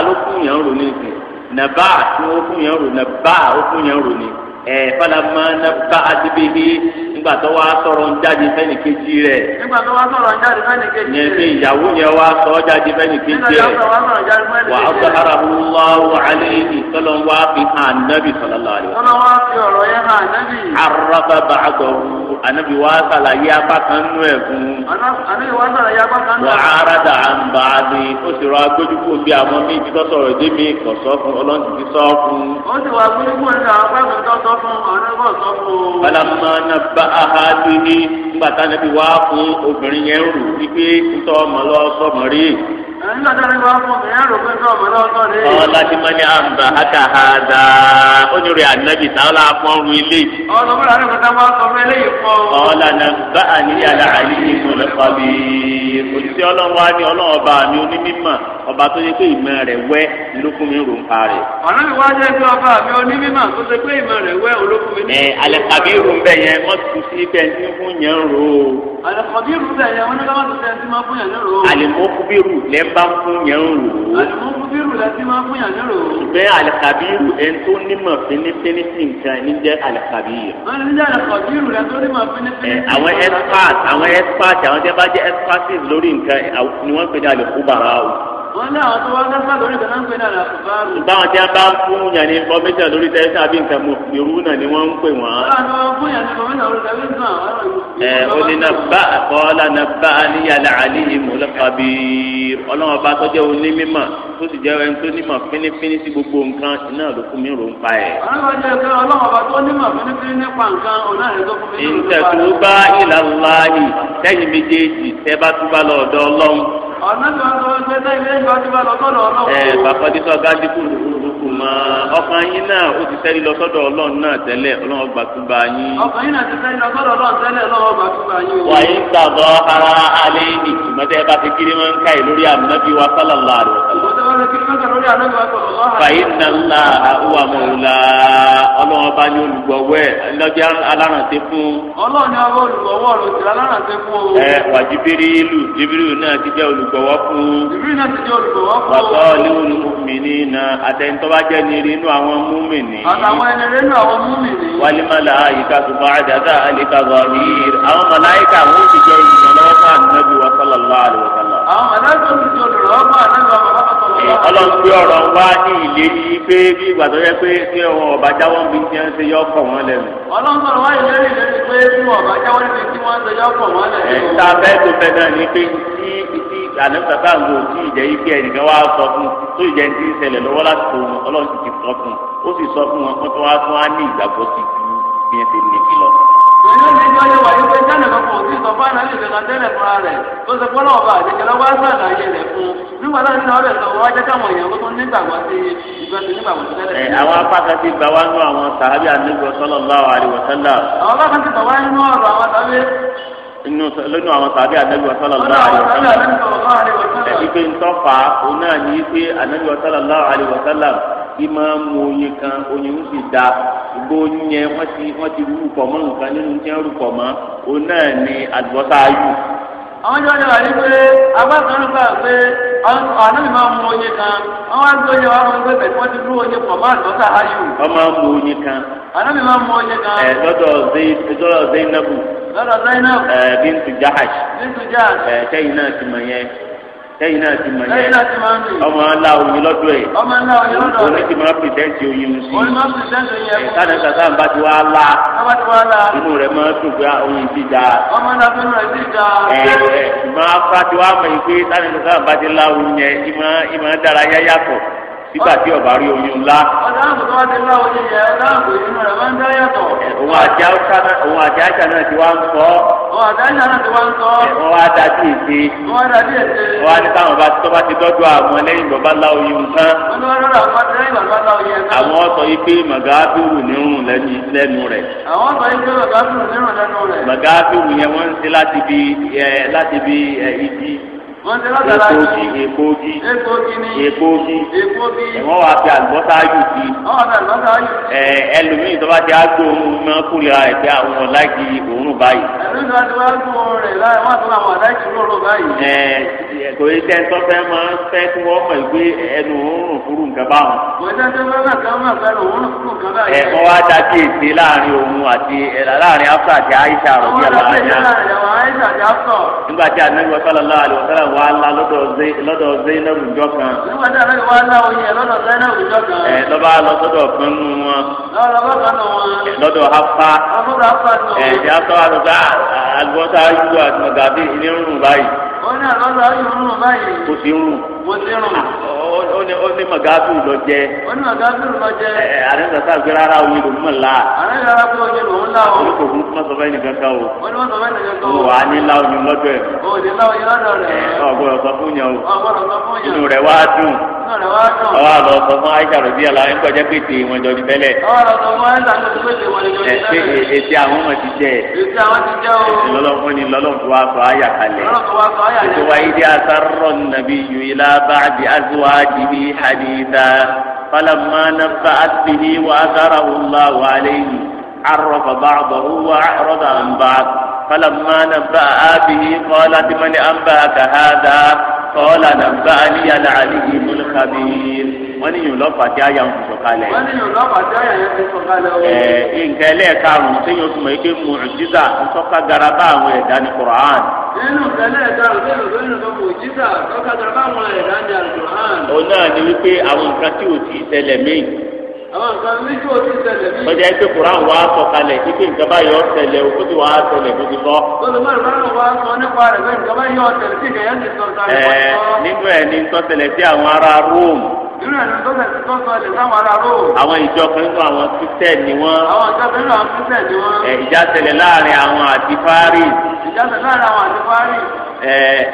ló kún yẹn rò ní ìsìn nàbà tí wọ́n kún yẹn rò nàbà ó kún yẹn rò ní ẹ falama nafa adibihi nígbà tó wàá sọ̀rọ̀ ń jáde fẹ́ni kejì rẹ̀. nígbà tó wàá sọ̀rọ̀ ń jáde fẹ́ni kejì rẹ̀. yẹn fi ìyàwó yẹn wàá sọ ọ́ jáde fẹ́ni kejì rẹ̀. wà á sọ arahulahu alayhi sọlọ ń wàá fi hàn nabi sallallahu alayhi. sọlọ wàá fi ọ̀rọ̀ yẹn hàn nabi. araba bàgọ̀wù anabi wàá sàlàyé apá kan nú ẹ̀ fún. anabi wàá sàlàyé apá kan nú ẹ̀ fún. wà á rada àǹbá alama naba ahadu ni ngbata nabi wa fún obìnrin yẹn rù wípé ntọ́ ọmọ lọ sọmọ rí ọ láti mọ ní àmbà haka ha dá onírè ànábì táwọn la fọ́nrú ilé yìí. ọlọ́mọdé àti ọ̀gá máa sọ fún eléyìí fún ọ. ọ̀làna bá àníyàn àlí ìmọ̀ lọ́pàá bí òṣìṣẹ́ ọlọ́run wa ní ọlọ́run ọba mi onímọ̀ ọba tó yẹ pé ìmọ̀ rẹ̀ wẹ́ lókun mi ròǹpa rẹ̀. ọ̀nà mi wá jẹ́ pé ọba mi onímọ̀ tó ṣe pé ìmọ̀ rẹ̀ wẹ́ olókun mi. ẹ yẹn bá fún yẹn ń wò ó. àlùmọ́bírù láti máa fún yàn lérò. ṣùgbọ́n alikabiru ẹni tó nímọ̀ fínífíní sí nǹkan ẹni jẹ́ alikabiru. wọ́n ní jẹ́ alikabiru rẹ̀ tó nímọ̀ fínífíní. àwọn expert àwọn expert àwọn tí wọ́n bá jẹ́ expertise lórí nǹkan ni wọ́n pè ní alikubara o wọn ní àwọn tó wá ní sáà lórí ìdáná ń pè náà làkùn bá rù. báwọn tí a bá fún yàn ní lórí tẹlifíṣàn àbí nǹkan mọ irú náà ni wọn ń pè wọn. ẹ o ní na bá àkọọ́lá na bá a ní yàrá àlẹ́ yìí mọ̀ lọ́kàbí ọlọ́wọ́n bá tọ́jú ẹ̀wọ̀n ní mímọ̀ tó sì jẹ́ ẹni tó nímọ̀ fínífíní sí gbogbo nǹkan iná ló mi rò ń pa ẹ̀. ìtẹ̀tù bá ìlàlá yìí tẹ́yìn méjèèjì tẹ́ bá ọ̀nà tí wọ́n tó ń gbé sẹ́yìn lẹ́yìn ọdún bá lọ́sọ̀dọ̀ ọlọ́run. ẹ bàbá tí sọ́ọ́ gáàdì kù kù mọ́ ọkàn yín náà ó ti sẹ́rí lọ́sọ̀dọ̀ ọlọ́run náà tẹ́lẹ̀ ọlọ́run ọgbà tún bá yín. ọkàn yín náà ti sẹ́rí lọ́sọ̀dọ̀ ọlọ́run tẹ́lẹ̀ ọlọ́run ọgbà tún bá yín. wàyí ń gbàgbọ́ ara alẹ́ ìtumọ̀tẹ́ bá ti kiri máa ń ká lórí ànábì wa sálàlá rẹ̀ fàyín nàlá àwọn àmọ̀wòlá ọlọ́run ọba ní olùgbọ̀wọ́ ẹ̀ lọ́jọ́ alárànṣẹ́ fún. ọlọ́run ní ọba olùgbọ̀wọ́ rẹ̀ ti alárànṣẹ́ fún o. ẹ wà jibirilu jibirilu náà ti jẹ́ olùgbọ̀wọ́ fún. jibirilu náà ti jẹ́ olùgbọ̀wọ́ fún. wàtọ́ léwòn mímìnì náà àtẹnitọ́ba jẹ́ nírì inú àwọn múmìnì. àtàwọn ẹnìrè inú àwọn múmìnì. wálé mọ́lá tó ọlọ́run ọ̀rọ̀ ń wá ní ìlérí pé bí ìgbà tó yẹ pé tí wọn ọba jáwọ́ bí tí wọ́n ṣe yọ ọkọ̀ wọn lẹ́nu. ọlọ́run sọ̀rọ̀ wá ìlérí ìlérí pé bí wọn ọba jáwọ́ bí tí wọ́n ṣe yọ ọkọ̀ wọn lẹ́nu. ẹ̀ bẹ́ẹ̀ tó fẹ́ náà ni pé tí tí àná bàbá ń tí ìjẹ́ yìí pé ẹnìkan wá sọ fún tó ìjẹ́ ti ń ṣẹlẹ̀ lọ́wọ́ láti tó wọn ọlọ́run ti sọ fún ó sì sọ fún wọn kó tó wá tún á ní ìgbàgbọ́ ìlú ìjọ yóò wáyé pé tẹ́lẹ̀ kan kò sí sọ fún àná lè kankan tẹ́lẹ̀ fúnra rẹ̀ tó ṣe fọ́nà ọba àdékẹ́lá wá sàlàyé rẹ̀ ti gbà wá nú àwọn sàhábì àdúgbò sallallahu alaihi wasallam. àwọn apáta ti gbà wá nú ọ̀rọ̀ àwọn sàhábì inú àwọn sàbí anabi wasalala aliwasala ẹbí pé ntọ́fà òun náà ní pé anabi wasalala aliwasala ìmáàmù oyin onye ka onye sì da gbogbo onye ni àwọn kan wọ́n wá ń tó bẹ̀rẹ̀ wọ́n ti pọ̀ wọ́n máa kan. mi máa lẹ́yìn náà ti mọ yẹn ọmọ ńlá oyin lọ́dọ̀ ẹ̀ òní ti máa pìtẹ́ǹtì oyin sí ẹ̀ sáni sàtà ń bá ti wá la inú rẹ̀ máa dùn pé ah, oyin ti da ẹ̀ ẹ̀ máa fa ti wá mọ̀ yìí pé sáni sàtà ń bá ti la oyin yẹn ìmọ̀ ìmọ̀ dára yáyà pọ̀ nígbà tí ọba rí oyún ńlá. òun àti àṣà náà ti wá ń sọ. òun àti àṣà náà ti wá ń sọ. wọ́n wá da sí èsì. wọ́n wá da sí èsì. wọ́n wá ní káwọn bá tọ́ bá ti dọ́jú àwọn lẹ́yìn bàbá ńlá oyún tán. àwọn sọ yìí pé màgáfíwù nírun lẹ́nu rẹ̀. àwọn sọ yìí pé màgáfíwù nírun lẹ́nu rẹ̀. màgáfíwù yẹn wọ́n ń ṣe láti bí láti bí ìdí wọ́n ti lọ́dọ̀ọ́dọ̀ àjùjì egbògi egbògi ni egbògi egbògi ẹ̀wọ́n wàá fi àlùbọ́sà àjùjì ẹ ẹlòmíì tó bá ti àgbo ohun mọ́ kúrìá rẹ̀ pé àwọn ọ̀láìkì òórùn báyìí. ẹlòmíì tó bá ti wá gbó ohun rẹ̀ láì wọ́n tó làwọn ọ̀láìkì òórùn báyìí. ẹ kò yẹ kẹ́ ń tọ́ fẹ́ máa ń fẹ́ kí wọ́n mọ̀ pé ẹnu òórùn fúru nǹkan báwọn. kò yẹ kẹ́ fẹ́ máa ń fẹ́ òórùn fúru nǹkan báyìí. ẹ wọ́n wá da wá lá lọ́dọ̀ Zainab jọ kan. nígbà tí àlejò wá lá oyin ẹ̀ lọ́dọ̀ Zainab jọ kan. ẹ lọ́ba lọ sọ́dọ̀ kan wọn. lọ́dọ̀ kan nù wọn. lọ́dọ̀ Hafsa. lọ́dọ̀ Hafsa nù wọn. ẹ ti Hafsa wà lọ́dọ̀ àlùbọ́sà ayúwà àti mọ̀gàbí ní rúrùn báyìí. ó ní àlọ́ wọ́n ti rùn. ó ní ó ní màgáàtù lọ jẹ. ó ní màgáàtù lọ jẹ. ẹ àrẹ ń sàtà gbé rárá omi lòún mọ̀ la. àrẹ ń yàrá pé omi lòún la o. olùkọ́ fún mọ́sọ̀ fẹ́ nìkan kan o. ó ní mọ́sọ̀ fẹ́ nìkan kan o. wà á ní la oyin ẹ̀. o ò ní la oyin rẹ̀. ọgbọ́dọ̀ sọ fún yẹn o. ọgbọ́dọ̀ sọ fún yẹn. inú rẹ̀ wá dùn ọwọ́ àlọ́ sọ fún aisha rẹ̀ bí ala ń kọjá pété wọn jọ ní tẹ́lẹ̀. ọwọ́ àlọ́ sọ fún aisha rẹ̀ bí pété wọn jọ ní tẹ́lẹ̀. ètè àwọn ti jẹ. ètè àwọn ti jẹ o. lọ́lọ́fún ni lọ́lọ́fún wa sọ àyà kalẹ̀. lọ́lọ́fún wa sọ àyà kalẹ̀. ètò wa ìdí asarọ̀ nàbí yu ilá bàdí azuwájibí hadita falamma nafa asibi wa asara wula wa aleyhi arọfa bàbà kọ́ọ́lá nàbà àníyànà àníyí múlù kábí wọ́n ní yòó lọ́pàá tí àyà ń fi sọ̀kalẹ̀. wọ́n ní yòó lọ́pàá tí àyà ń fi sọ̀kalẹ̀ o. ẹ nǹkan ẹlẹ́ẹ̀karùn-ún tí yóò túmọ̀ ike mú ìjísà ńsọ́ká garaba àwọn ẹ̀dá ní Qur'an. nínú nǹkan ẹlẹ́ẹ̀karùn-ún tí yóò túmọ̀ ike mú garaba àwọn ẹ̀dá ní lọ́jà ẹ pé kuran wà á sọ̀kalẹ̀ kíkẹ́ nǹkan báyìí ọ̀ tẹ̀lẹ̀ o kó ti wà á tẹ̀lẹ̀ kó ti sọ. ẹ nínú ẹ ní sọ́tẹ̀lẹ̀ sí àwọn ará Rome irú ẹ̀rọ tó tẹ̀sí tó sọ ẹ̀dẹ̀ sáwọn ará ró. àwọn ìjọ kan nínú àwọn kristẹ ni wọn. àwọn ìjọ kan nínú àwọn kristẹ ni wọn. ẹ ìjà ṣẹlẹ̀ láàrin àwọn àti fáárì. ìjà ṣẹlẹ̀ láàrin àwọn àti fáárì. ẹ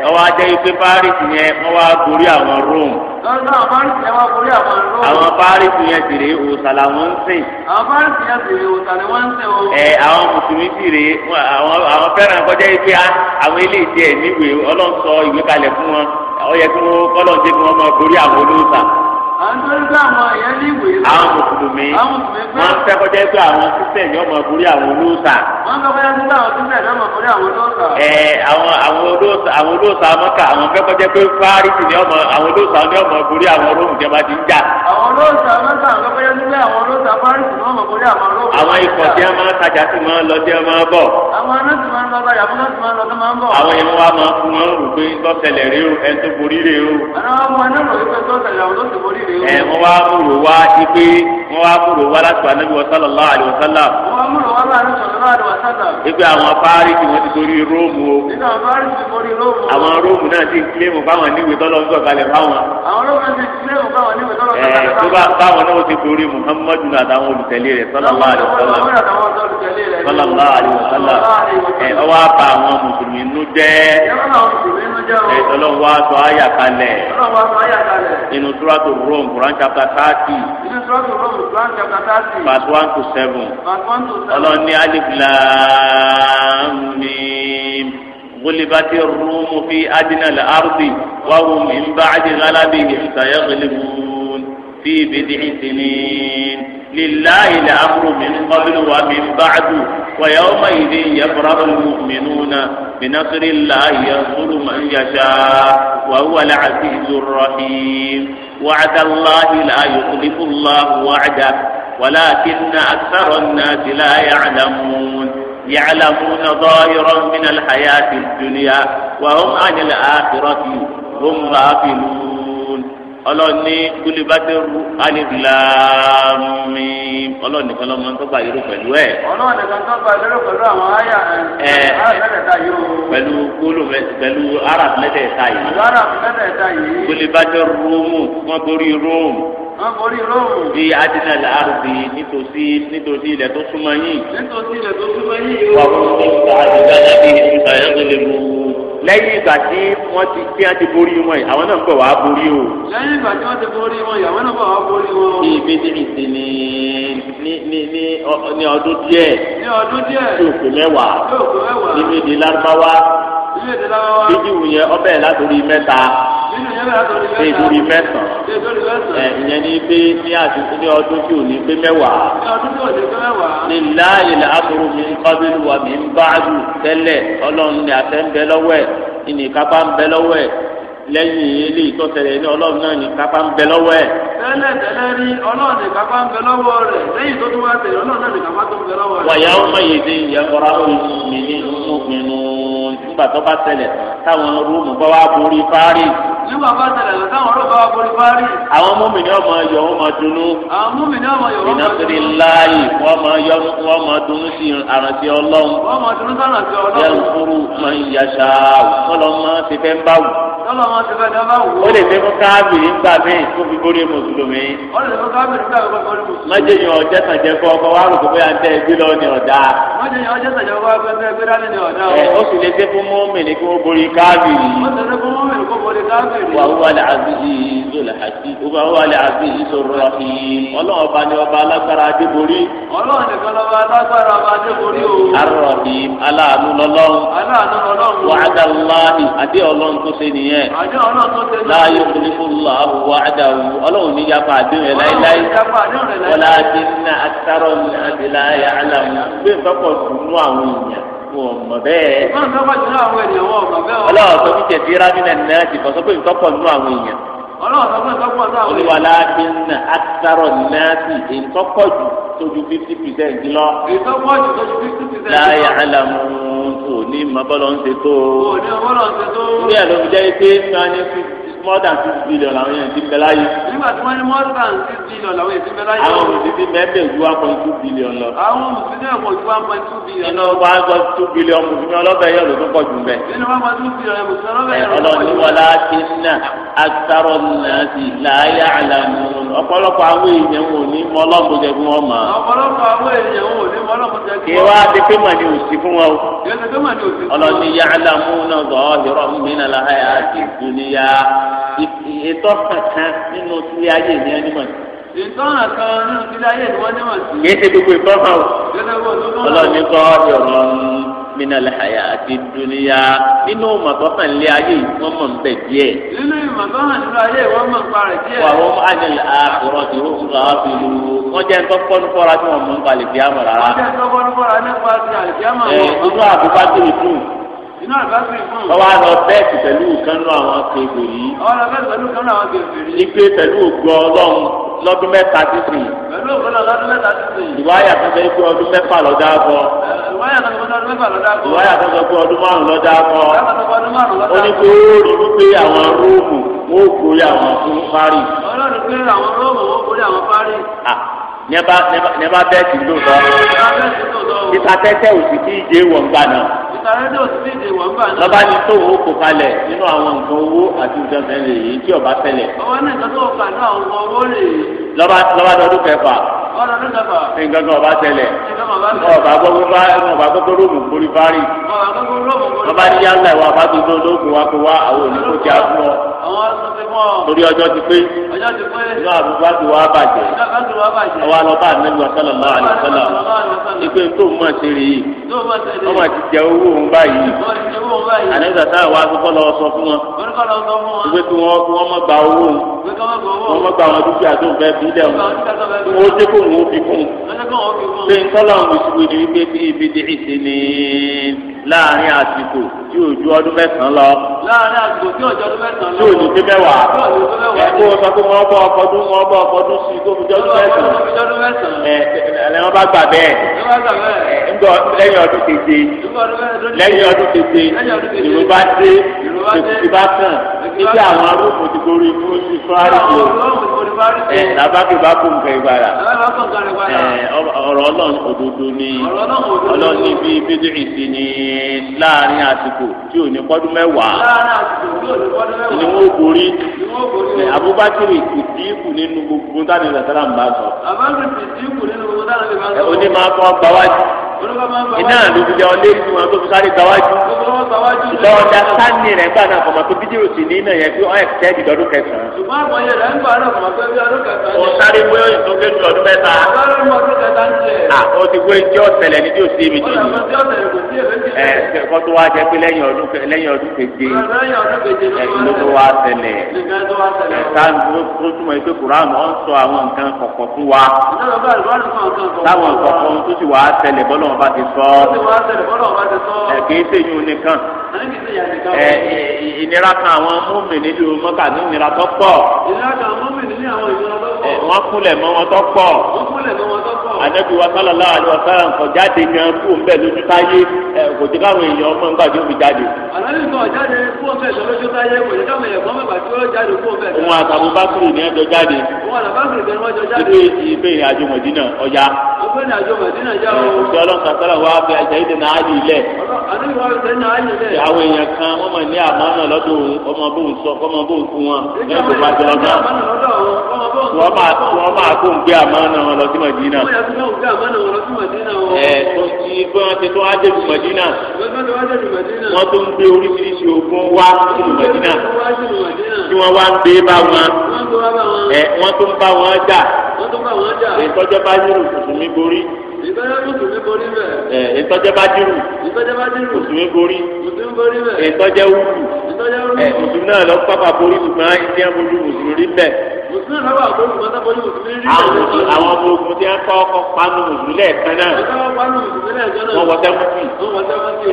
ọwọ́ ajẹ́ ipe fáárì yẹn wọ́n wá gorí àwọn Rome. lọ́dọ̀ àwọn fáárì yẹn wá gorí àwọn Rome. àwọn fáárì yẹn sì rèé òòṣà làwọn ń sìn. àwọn fáárì yẹn sì rèé òòṣà ni ń sìn o. ẹ àwọn mùsùlùmí sì rèé àwọn fẹ́ràn kọjá ipe àwọn ilé ìdí àwọn mùsùlùmí wọ́n fẹ́ kọjá pé àwọn sísẹ̀ ni ọmọ borí àwọn olóòṣà. wọ́n fẹ́ kọjá pé àwọn sísẹ̀ ni ọmọ borí àwọn olóòṣà. ẹ àwọn àwọn olóòṣà àwọn olóòṣà mọ́kà àwọn fẹ́ kọjá pé fáárìsì ni ọmọ àwọn olóòṣà ni ọmọ borí àwọn olóòṣà jẹba ti ń jà. àwọn olóòṣà mọ́kà àwọn fẹ́ kọjá pé àwọn olóòṣà fáárìsì ni ọmọ borí àwọn olóòṣà. àwọn ikọ̀ tí wọ́n máa ń tajà sí máa ń lọ tí wọ́n máa ń bọ̀. àwọn anáàtì máa ń lọ báyà fún anáàtì máa ń lọ tó máa ń bọ̀. àwọn yẹn fún wọn rò pé ẹ wọ́n wá múlò wá sí pé wọ́n wá múlò wá láti wà níbi sallallahu alaihi wasallam. wọ́n múlò wá láti sallallahu alaihi wasallam. ipe àwọn fáríkì wọ́n ti torí róòmù o. nínú àwọn fáríkì torí róòmù. àwọn róòmù náà ti ń kílẹ̀mù fáwọn níwèé tọ́lọ́ ń sọ̀kalẹ̀ fáwọn. àwọn róòmù náà ti kílẹ̀mù fáwọn níwèé tọ́lọ́ ń sọ̀kalẹ̀ fáwọn. ẹ tó bá báwọn náà ti torí muhammadu àtàwọn olùtẹ̀lé rẹ̀ sallallahu alaihi wasallam. Rum Quran chapter thirty. Nínú sọ́ọ̀tù Rum Quran chapter thirty. verse one to seven. verse one to seven. ọlọ́ni alif lam mim. غلبت الروم في أدنى الأرض وهم من بعد غلبهم سيغلبون في بضع سنين لله الأمر من قبل ومن بعد ويومئذ يفرغ المؤمنون بنصر الله ينصر من يشاء وهو العزيز الرحيم وعد الله لا يخلف الله وعده ولكن أكثر الناس لا يعلمون يعلمون ظاهرا من الحياة الدنيا وهم عن الآخرة هم غافلون ọlọ́ni kulibadiru alifilami ọlọ́ni kan lọ́mọ tó gba irú pẹ̀lú ẹ̀. ọlọ́ni kan tó gba irú pẹ̀lú àwọn àyà ẹ̀ mẹ́tẹ̀ẹ̀ta yìí o. pẹ̀lú gbólù pẹ̀lú arab mẹ́tẹ̀ẹ̀ta yìí. pẹ̀lú arab mẹ́tẹ̀ẹ̀ta yìí. kulibadiru róòmù wọ́n borí róòmù. wọ́n borí róòmù. bí adina lárúbi nítòsí nítòsí ilẹ̀ tó súnmọ́ yìí. nítòsí ilẹ̀ tó súnmọ́ lẹ́yìn ìgbà tí wọ́n ti tí wọ́n ti borí wọn yìí àwọn náà ń bọ̀ wá borí o. lẹ́yìn ìgbà tí wọ́n ti borí wọn yìí àwọn náà ń bọ̀ wá borí wọn. ní ìbédè ìsìn ní ní ní ní ọdún díẹ̀. ní ọdún díẹ̀. tí òkú mẹ́wàá. tí òkú mẹ́wàá. ní ìbédè lárúbáwá bídìwù yẹn ọbẹ̀ látòrí mẹ́ta ṣe ìdúrí mẹ́sàn-án ẹ̀ ìyẹn ní pé ní àtúntò ní ọdún tí ò ní pé mẹ́wàá nílá ìlà àtúrò mi ń kọ́bílù wà mí ń bá àdù tẹ́lẹ̀ ọlọ́run ní àtẹ́ ń bẹ lọ́wọ́ ẹ̀ ìní kápá ń bẹ lọ́wọ́ ẹ̀ lẹ́yìn ilé ìtọ́sẹ̀lẹ̀ ní ọlọ́run náà ní kápá ń bẹ lọ́wọ́ ẹ̀. tẹ́lẹ̀ tẹ́lẹ̀ ní ọlọ́run ní kápá ń bẹ lọ́wọ́ rẹ̀ lẹ́yìn tó tún wá tẹ̀lé ọlọ́run náà ní kápá tó ń bẹ lọ́wọ́ nígbà tó bá tẹlẹ̀ táwọn rúùmù bá wá borí fáárì. nígbà bá tẹlẹ̀ lọ táwọn rúùmù bá wá borí fáárì. àwọn múmìnì ọmọ yọ wọn máa dunnú. àwọn múmìnì ọmọ yọ wọn máa dunnú. ìnáfẹ́ láàyè wọ́n máa yọ wọ́n máa dunnú sí àrántí ọlọ́run. wọ́n máa dunnú sí àrántí ọlọ́run. yẹn fúru máa ń yàṣà kọ́lọ́ máa ti fẹ́ ń ó lè fẹ́ fún káàbì nígbà míì tó fi borí mùsùlùmí. ó lè fẹ́ fún káàbì nígbà míì tó fi borí mùsùlùmí. májèyàn ọjọ́ sàjẹ́ fún ọkọ wa rò pé à ń tẹ ẹgbẹ́ lọ ní ọ̀dà. májèyàn ọjọ́ sàjẹ́ fún ọkọ tẹ ẹgbẹ́ dání ní ọ̀dà. ẹ ó sì lè fẹ́ fún mọ́mìnì kó borí káàbì. ó sì lè fún mọ́mìnì kó borí káàbì. wàhùwà làásì yìí àlìkàwíyé làhàdí ọba wà lẹ àbí ìṣòro rahim ọlọ́run ọba ni ọba alágbára adébórí. ọlọ́run nìkan lọ́ba alágbára ọba adébórí o. arọ̀hìm aláàánú lọ́lọ́run. aláàánú lọ́lọ́run. wàhádà láàyè adé ọlọ́run tó ṣe nìyẹn. adé ọlọ́run tó ṣe nìyẹn. láàyè òkúlifúnlá wàhádà ọlọ́run ní yapa àdéhùn ẹ̀ láíláí. wọlá àdínà àtàrọ̀ ní àdìlá yàrá ọlọ́wọ́ sọ fún tẹ̀síra nínú ẹ̀ náà ti fọ́ sọ pé nǹkan nínú àwọn èèyàn ọlọ́run sọ fún ìtọ́pọ̀ sáà. olùwà láti nà àtàrọ̀ náàtì ìtọ́pọ̀jù tójú fifty percent lọ. ìtọ́pọ̀jù tójú fifty percent lọ. láyà àlàmú òní mọ́bọ́lọ́ ń ṣe tó. òní mọ́bọ́lọ́ ń ṣe tó. ló fi jẹ́ pé more than six billion àwọn èèyàn ti bẹ láyé. nígbà tí wọ́n ní more than six billion àwọn èèyàn ti bẹ láyé. àwọn òṣìṣẹ́ mẹ́bẹ̀ ju one point two billion lọ. àwọn òṣìṣẹ́ kò ju one point two billion. nínú one point two billion mùsùlùmí ọlọ́bẹ̀ yẹn ló tó pọ̀ jù bẹ́ẹ̀. nínú one point two billion mùsùlùmí ọlọ́bẹ̀ yẹn ló tó pọ̀ jù bẹ́ẹ̀. ọlọ́ni wọlá ti nà àtàrọ̀ náà ti láyà àlàmù ọ̀pọ̀lọpọ̀ àwọn èèyàn wò ní mọ́lọ́mù jẹ fún wọn mà. ọ̀pọ̀lọpọ̀ àwọn èèyàn wò ní mọ́lọ́mù jẹ fún wọn. kí wá ti pé màní òsì fún wọn o. kí wá ti pé màní òsì fún wọn. ọlọ́ni yàrá mú náà zọ̀ọ́ yọrọ̀ mí ìtọ́ kankan nínú sílé ayé ní ẹnìmọ̀ ní. ìtọ́nà kan nínú sílé ayé ni wọ́n nímọ̀ sí. kìí ṣe gbogbo ìtọ́ kan o. ọlọ́ọ̀ni kọ́ ọ̀rọ̀ mina lahaya àti duniya nínú màtọ́kàn lé ayé wọ́n mọ̀ ń díẹ̀. nínú màtọ́kàn lé ayé wọ́n mọ̀ ń díẹ̀. wà wọ́n àní àkùrọ̀ wọ́n jẹ́ ntọ́kọ́ ní fọ́ra tí wọ́n mọ̀ ń balẹ̀ fi àmọ̀ rárá. wọ́n jẹ́ ntọ́kọ́ ní fọ́ra nípa ti àlùfíà mọ̀ wọ́n. ẹ ojú àbúkátó ìtú inú àbáfẹ́ fún. ọwọ́ àlọ́ bẹ́ẹ̀sì pẹ̀lú kanú àwọn kébè yìí. ọlọ bẹ́ẹ̀sì pẹ̀lú kanú àwọn kébè yìí. ipe pẹ̀lú ògùn ọlọ́run lọ́dún mẹ́ta títì. pẹ̀lú ògùn ọlọ́run lọ́dún mẹ́ta títì. ìwáyà tó fẹ́ pé ọdún mẹ́fà lọ́dá bọ̀. ìwáyà tó fẹ́ pé ọdún mẹ́fà lọ́dá bọ̀. ìwáyà tó fẹ́ pé ọdún márùn lọ́dá bọ̀. ó ní pé ó rí wípé àwọn róòmù ó gorí àwọn fún Paris. ọlọ́run pé àwọn róòmù ó gorí àwọn Paris ní ẹ bá ní ẹ bá bẹ́ẹ̀ sì ló sọ. ìtàtẹ́tẹ́ ò sì kí ìdè wọ̀ ńgbà náà. ìtàtẹ́tẹ́ ò sì kí ìdè wọ̀ ńgbà náà. lọ́ba ní tó owó kò kalẹ̀ nínú àwọn nǹkan owó àti nǹkan tẹ̀lé yìí tí ọba tẹ̀lẹ̀. ọwọ́ é. lọ́ba nǹkan kan ọba tẹlẹ ọba gbogbo bá ọba gbogbo róòmù borí parí ọba ní yálà ìwà bá tó tó lóògùn wa kó wá àwọn oníkó tí a fún ọ torí ọjọ́ ti pé inú àbúgbà ti wá bàjẹ́ ọwọ́ alọ́ba àmẹ́lú ọ̀sọ́lọ̀ máa ní ọ̀sọ́lọ̀ ìpè tó mọ̀ sí rí i wọ́n máa ti jẹ owó òun báyìí àlẹ́sà táà wá kókó lọ sọ fún wọn ìpè tí wọ́n mọ̀ gba owó òun wọ́n mọ̀ gba àwọn dúkìá tó ń fẹ́ bí lẹ́wọ̀n wọ́n ó dé kó lóun ó fi fún un. ṣé ń tọ́lá òun ìṣubú ni wípé bí ibi dé ìṣe ni láàrin àsìkò tí òjò ọdún mẹ́sàn-án lọ. láàrin àsìkò tí òjò ọdún mẹ́sàn-án lọ. tí òjò dé mẹ́wàá. ẹ̀kọ́ sọ pé wọ́n bọ́ ọkọ̀dún wọ́n bọ́ ọkọ̀dún sí tó fi jọ́dún mẹ́sàn-án. ẹ̀ ẹ̀ wọ́n bá gbà bẹ́ẹ̀. lẹ́yìn ọdún keje lẹ́yìn ọdún keje ìrù bá dé ìrù bá tàn ibi àwọn arúgbó ti gorí ikú ti fúlárì tó ẹ làbákè bá kó nǹkan ìgbàlà ẹ ọ̀rọ̀ Ọlọ́run òdodo ni Ọlọ́run níbi bíbí ìsìn ní láàrin àsìkò tí ò ní kọdún mẹ́wàá ni wọn gorí ẹ Abubakar ìdíkù nínú gbogbo tani ìgbà sára ń bá sọ. Abubakar ìdíkù nínú gbogbo tani ìgbà sọ. ẹ onímọ̀ akọ́ gbawájú iná lójú jẹ́ ọlé ìlú wọn tó fi sáré gbáwájú ṣùgbọ́n ọjà sáni rẹ̀ gbà náà fọmọ tó bídíò sí ní iná yẹn pé ọ̀ ẹ̀kẹ́ ìdí ọdún kẹsàn-án. ṣùgbọ́n àwọn yẹn rẹ̀ ń gbà náà fọmọ tó bí ọdún kẹsàn-án. mo sáré wé ìtò kéjì ọdún mẹ́ta. ó ti wé ìjọ ọ̀sẹ̀lẹ̀ ní tí ó sí méjì yìí. ẹ̀ kọ́ tó wá jẹ́ pé lẹ́yìn ọdún keje ẹ̀ ló tó wá ṣẹlẹ̀ ẹ̀ tá tó ń sọ àwọn nǹkan kọ̀ọ̀kan fún wa táwọn kọ̀ọ̀kan tó sì wá ṣẹlẹ̀ bọ́lọ̀ bọ́lọ̀ bá ti sọ ẹ kìí sèyún nìkan ẹ ìnira kan àwọn múmi nílùú mọ́kà ní ìnira tó pọ̀. ìnira kan múmi nílùú àwọn ìnira tó pọ̀ wọ́n kúnlẹ̀ mọ́ wọn tó pọ̀ anabi wa sallallahu alaihi wa sallam kò jáde gan kú nbẹ lójú táyé ẹ kò jẹ káwọn èèyàn ọmọ nígbà tí ó fi jáde. àlàyé sọ jáde kú ọfẹ lójú táyé kò jẹ káwọn èèyàn ọmọ nígbà tí ó jáde kú ọfẹ. òun àtàwọn bákùrù ní ẹjọ jáde. òun àtàwọn bákùrù ní ẹjọ jáde. ibi ìgbé ìrìnàjò mọ̀dínà ọ̀yá. ìgbé ìrìnàjò mọ̀dínà jẹ́ o. ìṣẹ́ ọlọ́kàtàlá wa fẹ́ ẹ̀jẹ̀ ìdè náà áyì ilẹ̀. àwọn èèyàn kan wọ́n mọ̀ ní àmọ́ náà lọ́dún ọmọ bóun sọ ọmọ bóun fún wọn tí wọ́n máa tí wọ́n máa kó ń gbé àmánà wọn lọ sí Mẹdínà. ẹ tó ti bí wọ́n ti tó wá débi Mẹdínà. wọ́n tó ń gbé oríṣiríṣi ogun wá sí Mẹdínà. tí wọ́n wá ń gbé bá wọn. ẹ wọ́n tó ń bá wọn jà. ìtọ́jọ́ bá yẹ̀rù tuntun mi borí. ìtọ́jọ́ bá dìrù. tuntun mi borí. ìtọ́jọ́ wúlù. ìtọ́jọ́ náà lọ pápá borí ṣùgbọ́n ìdí àbójú mùsùlùmí bẹ́ẹ̀ mùsùlùmí náà wà pé olùkọ́ sábà yóò fi rí rí. àwọn ọmọ ogun tí wọ́n kọ́ ọkọ̀ panu mùsùlùmí lẹ́ẹ̀kan náà. wọ́n wọ sẹ́wọ́ntì.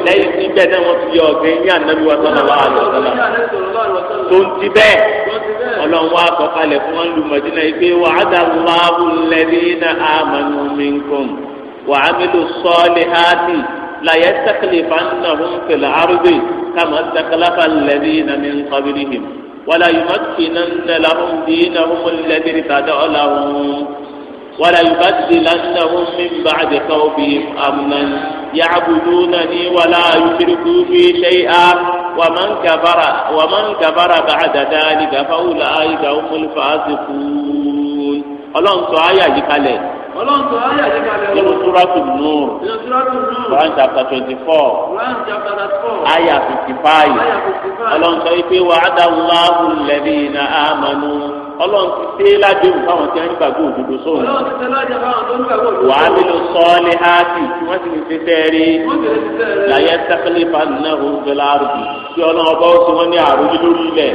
lẹ́yìn tí bẹ́ẹ̀ náà wọ́n fi yọ ọ̀gẹ́ ní ànábi wa sọ́nà wa àlọ́sọ́nà. tó ń ti bẹ́ẹ̀ ọlọ́run wa sọ kalẹ̀ fún wọn lu mọ̀dínà yìí pé wàhádà láwù lẹ́dínà àmàlù minkum wàhámílù sọ́ọ́lì háàtì láyé sẹ́kìlì fàánà fún fìlà àrùbí kàmá sẹ́kìlà fàlẹ́dínà min qablihim. ولا يمكنن لهم دينهم الذي ارتدع لهم ولا يبدلنهم من بعد خوفهم أمنا يعبدونني ولا يشركوا بي شيئا ومن كفر ومن كفر بعد ذلك فأولئك هم الفاسقون ọlọ́run sọ ayé àyíkalẹ̀ ọlọ́run sọ ayé àyíkalẹ̀ nínú túrọ́tù nùr nínú túrọ́tù nùr Quran chapter twenty four Quran chapter twenty four ayé fifty five ọlọ́run sọ wípé wàhádà wàhùn lẹ́bí iná àmánú ọlọ́run ti dé ládéhùn fáwọn tí wọ́n ń gbàgbọ́ òdodo sóhun. wàá nínú sọ́ọ́lì áàtì tí wọ́n ti fi sẹ́ẹ̀rí láyé sẹ́kẹ́lì fanáhù gbẹlárùbù tí ọlọ́run ọba ó ti wọ́n ní àròyé lórí ilẹ̀.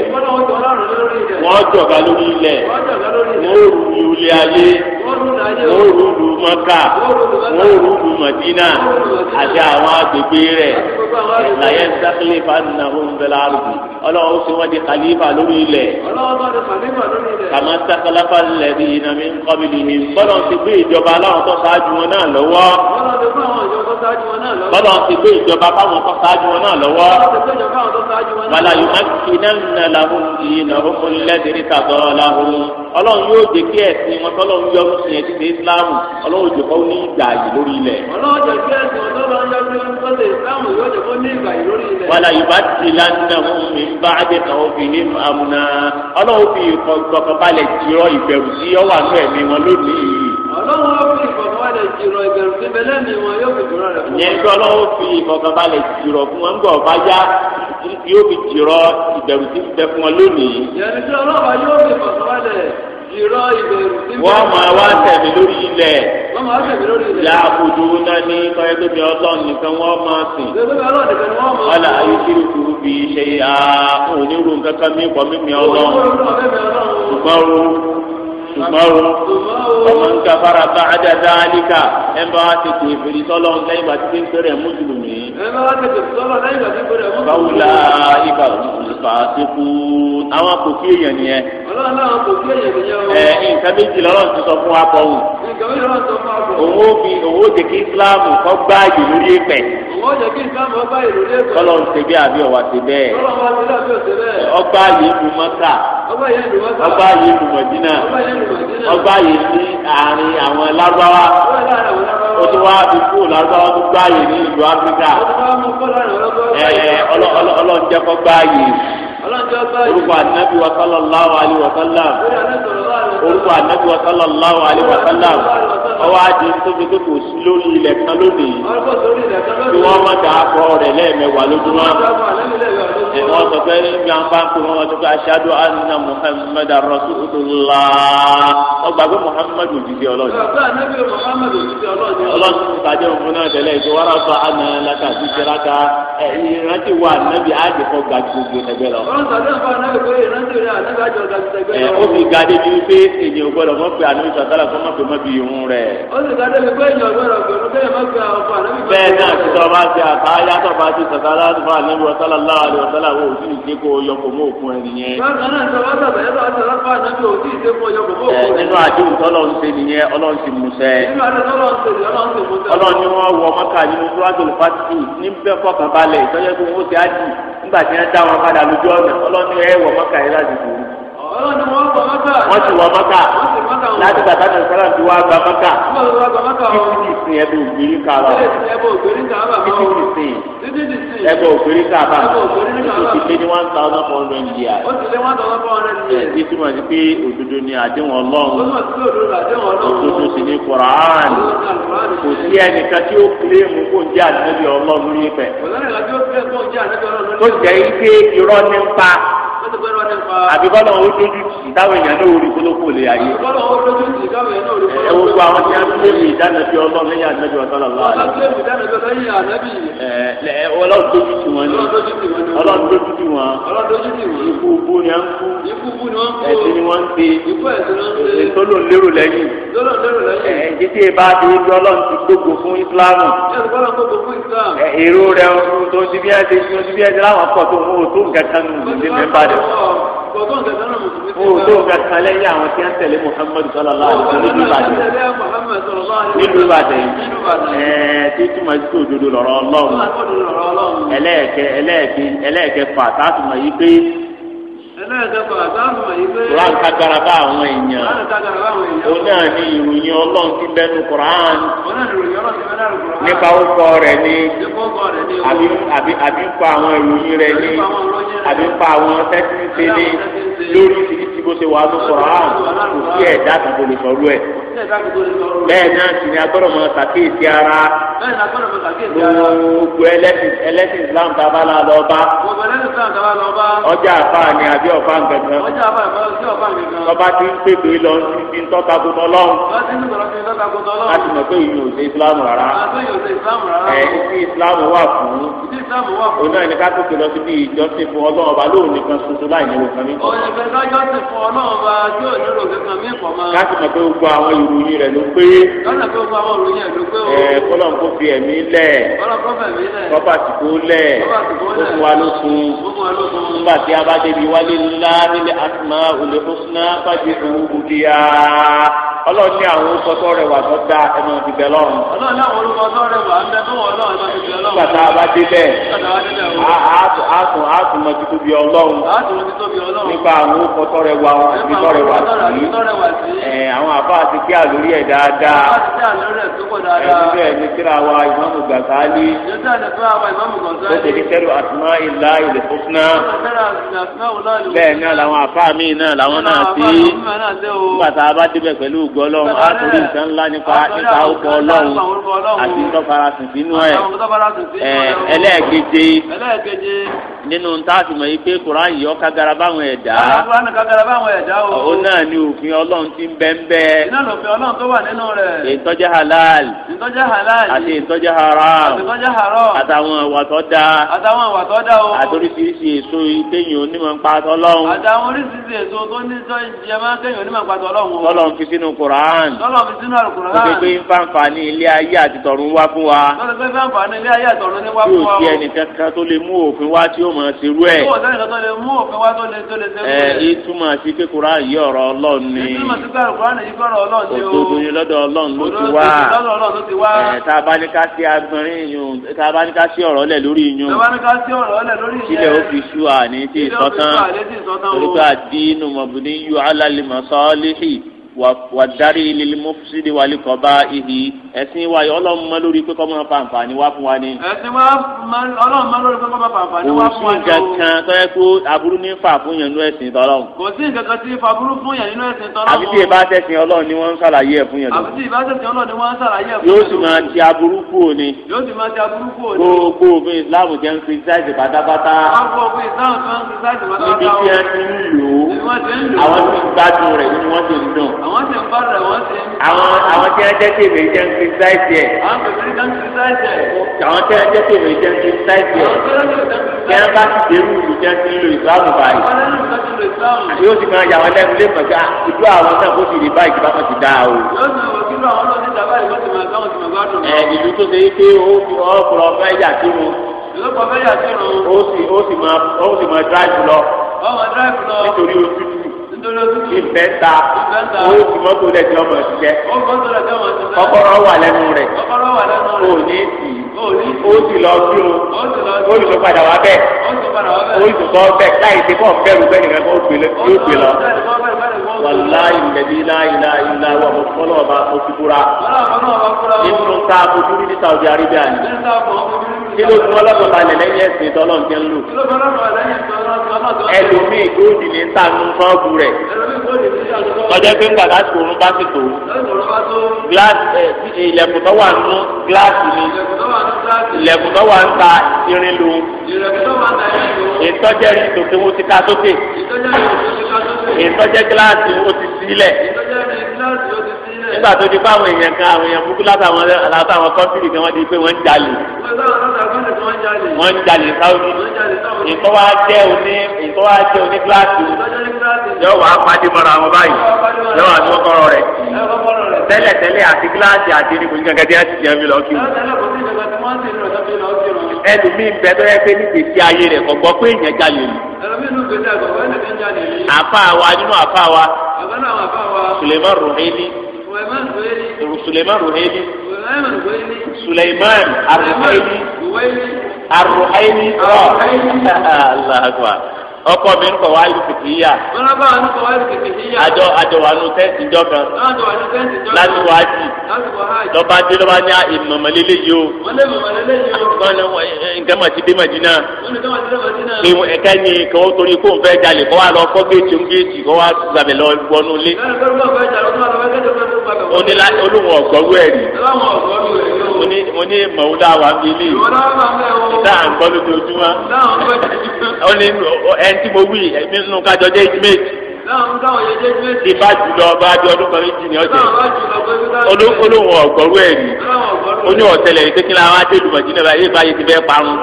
wọ́n jọ̀gá lórí ilẹ̀. wọ́n rú ilé ayé. wọ́n rú ìlú mọ́kà. wọ́n rú ìlú mọ̀dínà àti àwọn agbègbè rẹ̀ láyé sẹ́kẹ́lì fanáhù gbẹlárùbù ọlọ́run ó ti wọ́n di kàlífà lórí ilẹ̀. ọlọ́run ó ti wọ́n di kàmá sakalafa lẹ́bi ìnàmí nkọ́bìlì ni bọ́lá ti gbé ìjọba aláwọn tó ṣáájú wọn náà lọ́wọ́. bọ́lá ti gbé ìjọba fáwọn tó ṣáájú wọn náà lọ́wọ́. wàlàyé má kí náà nàlàhùn ìyìnà ó fún tàbọ̀ làhùn ọlọ́run yóò jẹ́ kí ẹ̀sìn wọn tọ́lọ́run yọ ọ́nù sìn ẹ̀sìn ìsìláàmù ọlọ́run jẹ́ kó ní ìgbà yìí lórí ilẹ̀. ọlọ́run jẹ́ kí ẹ̀sìn wọn tọ́lọ́run yọ ọ́nù sìn ìsìláàmù yóò jẹ́ kó ní ìgbà yìí lórí ilẹ̀. wàlà ìbá ti lánàá mú mi bá adé kan ó fi ní amúná ọlọ́run fi ìkọ̀kọ̀balẹ̀ jìrọ̀ ìbẹ̀rù sí ọwà nú ẹ̀mí wọn lónìí. ọlọ́run ó fi ìkọ̀kọ̀balẹ̀ jìrọ̀ ìbẹ̀rù sí bẹ́lẹ́mì yóò fi jùrọ̀ rẹ̀ fún wọn. ìyẹn tí ọlọ́run fi ìkọ̀kọ̀balẹ̀ jìrọ̀ fún wọn ń bọ̀ bá yá yóò fi jìrọ̀ ìbẹ̀rù sí fún wọn lónìí. ìyẹn tí ọlọ́run yóò fi ìkọ̀kọ̀balẹ̀ irọ́ ìbẹ̀rù tí. wọ́n máa wá tẹ̀mí lórí ilẹ̀. wọ́n máa tẹ̀mí lórí ilẹ̀. ìyá àbùdó náà ní kọ́yẹ́ tóbi ọlọ́run nìkan wọ́n máa sìn. ọ̀là ayélujára kúrú bí ṣe kankan ọlọ́run. ṣùgbọ́n o ọmọ ń kafara bá àdàdà àlíkà ẹ̀ ń bá wa tètè ìfèrè sọ́lọ́ lẹ́yìn bá ti fi ń pèrè mùsùlùmí. ẹ̀ ń bá wa tètè sọ́lọ́ lẹ́yìn bá ti fi ń pèrè mùsùlùmí. báwùlà ibà olùfà ti kú àwọn kò kí èèyàn nìyẹn. ọlọ́run náà kò kí èèyàn nìyẹn o. ẹ nǹkan méjì lọ́rọ̀ ti sọ fún wa bọ̀ wù. nǹkan méjì lọ́rọ̀ ti sọ fún wa bọ̀ wù. òun ó fi òun ó jẹ́ Islam kó gbá àyè ẹ̀pẹ̀. òun ó jẹ́ Islam kó gbá àyè ẹ̀pẹ̀. ọlọ́run ṣe bí àbí ọ̀wà ọba yìí lù Mọ̀dínà ọba yìí ní àárín àwọn lárúbáwá ó ti wá ikú lárúbáwá tó gbáyé ní ìlú áfíríkà ọlọ́njẹ́ kọ́ gbáyé orúkọ anabi wa sallallahu alayhi wa sallam orúkọ anabi wa sallallahu alayhi wa sallam ọwọ́ adi tóbi tó kò sí lórí ilẹ̀ kan lónìí tí wọ́n má dàá kọ́ rẹ̀ lẹ́ẹ̀mẹ́wàá lójúmọ́ ìnà ọ̀sọ̀ pé nígbà ń bá ń pè wọ́n ti pé aṣáájú anna muhammed rasulullah ọgbà pé muhammed òjijì ọlọ́ọ̀dẹ. ọlọ́ọ̀dẹ ti pàdé òun náà tẹ̀lé ìṣe wọ́n rà sọ àná lẹ́ka sí ìṣẹ́láka ìrántí wa nẹ́bí àjẹkọ̀ ga gbogbo ẹgbẹ́ lọ. ó sì ga dé bíi pé èyàn gbọ́dọ̀ mọ̀ pé àná ìṣàtàlà kọ́ mọ̀ pé mọ̀ bí irun rẹ̀. ó sì ga dé bíi pé èyàn gbọ́dọ̀ gbọ́dọ̀ bẹ́ẹ̀ wàhálà wo òsì ìdí kó yọkọ̀ mọ́ òkun ẹ nìyẹn. bákan náà sọ wọ́n sọ̀rọ̀ ẹ̀rọ àti ọlọ́pàá òsì ìdí kó yọkọ̀ òkun ẹ. nínú àdéhùn tọ́lọ́run ṣe nìyẹn ọlọ́run ti mú sẹ́. nínú àdéhùn tọ́lọ́run ṣe nìyẹn ọlọ́run ti mú sẹ́. ọlọ́run ni wọ́n wọ mọ́kà nínú fúlásùn fásitì níbẹ̀ fọkànbalẹ̀ ìtọ́jú wọ́n ti wọ mọ́kà láti bàtà náà sọ́lá ti wá gba mọ́kà títí ti sin ẹbí ògbérí kàrọ̀ títí ti sin ẹbí ògbérí kàrọ̀ títí ti lé ní one thousand four hundred years ẹ̀ títí wọ́n ti pé òdodo ni àdéhùn ọlọ́run òdodo sì ni koran kò sí ẹnìkan tí ó kílèmù kó ń jẹ́ àdébí ọlọ́run nífẹ̀ẹ́ tó jẹ́ ike irọ́ ní ń pa àbí lọ́wọ́ lójú tì táwọn èèyàn náà orí kólókó lè ayé. ẹ wo gbogbo àwọn tí a ń lé mi ìdáná bí ọlọ́run lẹ́yìn ànábì ọ̀tọ́lọ̀ lọ́wọ́. ẹ ọlọ́run lójú tì wọ́n ni ọlọ́run lójú tì wọ́n. ikú bú ni à ń kú. ẹ̀sìn ni wọ́n ń ṣe. ètò ló ń lérò lẹ́yìn. ẹ̀ jíjí ìbá ti ń ọlọ́run ti gbogbo fún ìsìlámù. èrò rẹ̀ tó ti bí ẹ ti láwọn pọ̀ tó ń wò tó ń kẹta nù ní mẹ́bàdàn o tó ka kan lẹ́yìn àwọn tí wọ́n tẹ̀lé muhammadu sallallahu alaihi wa sallam nílùú ìbàdàn nílùú ìbàdàn ẹ̀ẹ́ tí túmọ̀ sí òdodo lọ́rọ̀ ọlọ́run ẹlẹ́ẹ̀kẹ́ ẹlẹ́ẹ̀kẹ́ ẹlẹ́ẹ̀kẹ́ fà tá a tún mọ̀ pé. Quran kagbara bá àwọn èèyàn. Òun náà ni ìròyìn Ọlọ́run ti bẹnu Quran. Nípa orúkọ rẹ̀ ni àbí ń pa àwọn ìròyìn rẹ̀ ni àbí ń pa àwọn tẹ́tí ń ṣe ni lórí ìdí bó ṣe wà ló sọ̀rọ̀ àrùn kò sí ẹ̀dá kan tó lè sọ̀rọ̀ ẹ̀. bẹ́ẹ̀ náà sì ni agbọ́dọ̀ mọ sàkíyèsí ara gbogbo ẹlẹ́sìn ẹlẹ́sìn Islam tá a bá la lọ bá ọjà àfa ni àbí ọ̀fà nǹkankan tọ́ba ti ń pèpè lọ sí ntọ́ka kó tọ́ lọ́hùn láti mọ̀ pé ìyún òsè Islam rárá ẹ̀ ìsì Islam wà fún òun náà ní ká tó ti lọ síbi ìjọsìn fún ọlọ́run ọba lóun nìkan ṣoṣo láì nílò kan ní. òyìnbó lọ́jọ́ ti f fún ọlọ́run bá tí ò nílò kankan mí pọ̀ mọ́. láti mọ̀ pé gbogbo àwọn ìròyìn rẹ̀ ló pé. lọ́nà pé gbogbo àwọn ìròyìn rẹ̀ ló pé o. ẹ kọ́lọ́n kó fi ẹ̀mí lẹ̀. kọ́lọ́n kó fẹ̀mí lẹ̀. kọ́bà tí kò lẹ̀. kọ́bà ti kò lẹ̀. gbogbo alókun. gbogbo alókun. nígbà tí a bá débi wálé ńlá nílé asma olè fúnṣúná fàjì òwúbu di ya. ọlọ́run ní àwọn olùkọ́tọ́ rẹ̀ ti bẹ̀ lọ́run. rẹ̀ wà ń ti bẹ̀ lọ́run. bàtà bá débẹ̀. bàtà bá débẹ̀ o. a a tún a wa àbí tọ́rẹ̀ wà sí ẹ̀ àwọn àbá àti kí àlórí ẹ̀ dáadáa ẹ̀sùn bẹ́ẹ̀ ni kíra wa ìmáàmù Gàzálì ó ti ní sẹ́rù àtúná ìlà ilẹ̀ fúnná bẹ́ẹ̀ náà làwọn àbá mi náà làwọn náà sí nígbà tá a bá débẹ̀ pẹ̀lú ògo Ọlọ́run á torí nǹkan ńlá nípa nípa ògo Ọlọ́run àti ntọ́farasìn sínú ẹ̀ ẹlẹ́ẹ̀keje nínú táàtì mọ̀ yìí pé Kùránì yọ kágara báwọn ẹ̀dá fáwọn ẹ̀dá o. òun náà ni òfin ọlọ́run ti ń bẹ ń iná lòfin ọlọ́run tó wà nínú rẹ̀. ìtọ́jẹ́ halal. ìtọ́jẹ́ halal. àti ìtọ́jẹ́ haram. àti ìtọ́jẹ́ haram. àtàwọn ìwà tó dáa. àtàwọn ìwà tó dáa o. àtòríṣiríṣi èso ìtẹ̀yìn onímọ̀ ń pàtó ọlọ́run. àtàwọn oríṣiríṣi èso tó ní jẹmọ́ kẹ́yìn onímọ̀ ń pàtó ọlọ́run. tọ́lọ̀ fi sínú Qur'an. tọ́lọ̀ fi sínú alukur'an. ó ti pé fáǹfààní ilé wa. tọ́lọ̀ pé fáǹfààní ilé ayé àti tọ̀run ní wá fún wa. yóò ti ẹnìkan kan tó lè mú òfin wá tí ó mọ̀ ṣerú ẹ̀. yóò sí pé Kùránì yìí ọ̀rọ̀ Ọlọ́run ni òdodo yẹn lọ́dọ̀ Ọlọ́run ló ti wá tá a bá ní ká sí agbọ̀nrín yun tá a bá ní ká sí ọ̀rọ̀ lẹ̀ lórí yun sílẹ̀ ó fi ṣú àní tí ì sọ́tán torí pé àdínú mọ̀bùnú yóò alálẹ̀ mọ̀ sọ́ọ́lì hì wàdárí lílí mọ́fúsídì wàlí kọ́ba ìhì ẹ̀sìn wa yìí ọlọ́run mọ́ lórí pé kọ́ máa fa àǹfààní wá fún wa ni. ẹ̀sìn wa ọlọ́run mọ́ lórí pé kọ́ máa fa àǹfààní wá fún wa ni. kò sí nǹkan kan tó yẹ kó aburú ní fà fún yẹn nínú ẹ̀sìn tọ́lọ́run. kò sí nǹkan kan tí fa aburú fún yẹn nínú ẹ̀sìn tọ́lọ́run. àbí tí ìbá tẹ̀sìn ọlọ́run ni wọ́n ń ṣàlàyé ẹ̀ fún yẹn. àbí tí ìbá tẹ̀sìn ọlọ́run ni wọ́n ń ṣàlàyé ẹ̀ fún yẹn. yóò sì máa ti aburú kú òní. yóò sì máa ti aburú kú òní. gbogbo òfin islam jẹ́ ń kirisáìsì pátápátá. gbogbo òfin islam jẹ́ ń kirisáìsì pátápátá. níbi tí wọ́n ti ń lò ó àwọn tí ń gbádùn ni àwọn ti ń bára wọn ti. àwọn àwọn tí wọn jẹ tí èmi jẹ ń fi sáìtì ẹ. àwọn bèbè jẹ ń fi sáìtì ẹ. àwọn tí wọn jẹ tí èmi jẹ ń fi sáìtì ẹ. kí wọn bá ti dé wùdú jẹ ti lo ìsìlámù báyìí. yóò ti máa yà wọn lẹ́nu lé mọ̀gá ìlú ah, àwọn náà kó ti rí báyìí kí bá wọn ti dá o. ẹ ìlú tó ṣe é pé ó fi ọkùnrin ọfẹ yà sí wọn. ìlú kọfẹ yà sí wọn. ó sì máa ó sì máa dráìfù lọ. ọmọ dráìfù lọ. nítorí ojú ìbẹ́ta owó tí mọ́tò rẹ̀ tí ọmọ ṣiṣẹ́ kọ́kọ́rọ́ wà lẹ́nu rẹ̀ kò ní tì í ó sì lọ bí o ó sì tó padà wá bẹ́ẹ̀ ó sì tó bọ́ bẹ́ẹ̀ láì ṣe kọ́ bẹ́ẹ̀rù bẹ́ẹ̀ nìkan kó gbé lọ wàláyé ìlẹ̀bí láyé láyé láyé wà mọ̀ fọlọ́ ọba tó ti búra nínú tá a fojú ní Saudi Arabia ni kí ló fún ọlọ́dún balẹ̀ lẹ́yìn ẹ̀sìn tọ́lọ́ ń jẹun lò ẹlòmíì tó dìlé ń tà nù fọ́ọ̀bù rẹ̀ ọjọ́ pé ń padà tó orun bá ti tó gíláàsì ilẹ̀kùn tó wà nínú gíláàsì ni ilẹ̀kùn tó wà ń ta irin lu ìtọ́jẹ́ ìtòkè wo ti ká sókè ìtọ́jẹ́ gíláàsì wo ti sílẹ̀ nígbà tó di fáwọn èèyàn kan àwọn èèyàn kúkú látàwọn látàwọn kọ́ńtìrì kan wọ́n di pé wọ́n ń jalè. wọ́n ń jalè sáwùdí. ìtọ́ wa jẹ́ oní ìtọ́ wa jẹ́ oní gíláàsì. yóò wá pàdé mọ́ra àwọn báyìí yóò wá tó kọ́rọ̀ rẹ̀ tẹ́lẹ̀ tẹ́lẹ̀ àti gíláàsì àti ní kò ní kankan tí wọ́n ti jẹun fi lọ kí wọn. ẹlòmíì bẹ tó yẹ pé ní gbèsè ayé rẹ̀ kọ̀ gbọ́ pé èèyàn jalè lù. àfa wa nínú àfa wa. Suleiman Ruhili. Suleiman Ruhaili Suleiman Aruhaili Aruhaili Allah akbar ọkọ mi ń kọ wá lùkìtì yá. wọn bá wà ní kọ wá lùkìtì yá. àjọ àjọ wà nù tẹ́ǹtì jọ kan. àjọ wà nù tẹ́ǹtì jọ kan. láti wá jì. láti wá hà jì. lọ́ba dé lọ́ba ní ah, ìmọ̀mọ̀lélẹ́ yìí o. wọ́n lé mọ̀mọ̀lélẹ́ yìí o. wọ́n ní nǹkan màtí dé màdínà. wọ́n ní nǹkan màtí dé màdínà. ìwọ̀n ni kí wọ́n torí kó n fẹ́ jalè kó wá lọ kó wá onílá olóhùn ọ̀gbọ́rú ẹ̀rí mo ní mo ní mọ̀wúlá wa ń bílí tá à ń gbọ́ lójoojúmọ́ ó ní ẹni tí mo wí ẹ̀mí nínú kájọ jẹ́ ìdímẹ́tì ìbá jùlọ ọba àbí ọdún kan méjì ní ọjọ́ olóhùn ọ̀gbọ́rú ẹ̀rí oní ọ̀tẹlẹ̀ ìdíkínlá wa dé lùmọ̀jìnà báyìí báyìí ti fẹ́ parun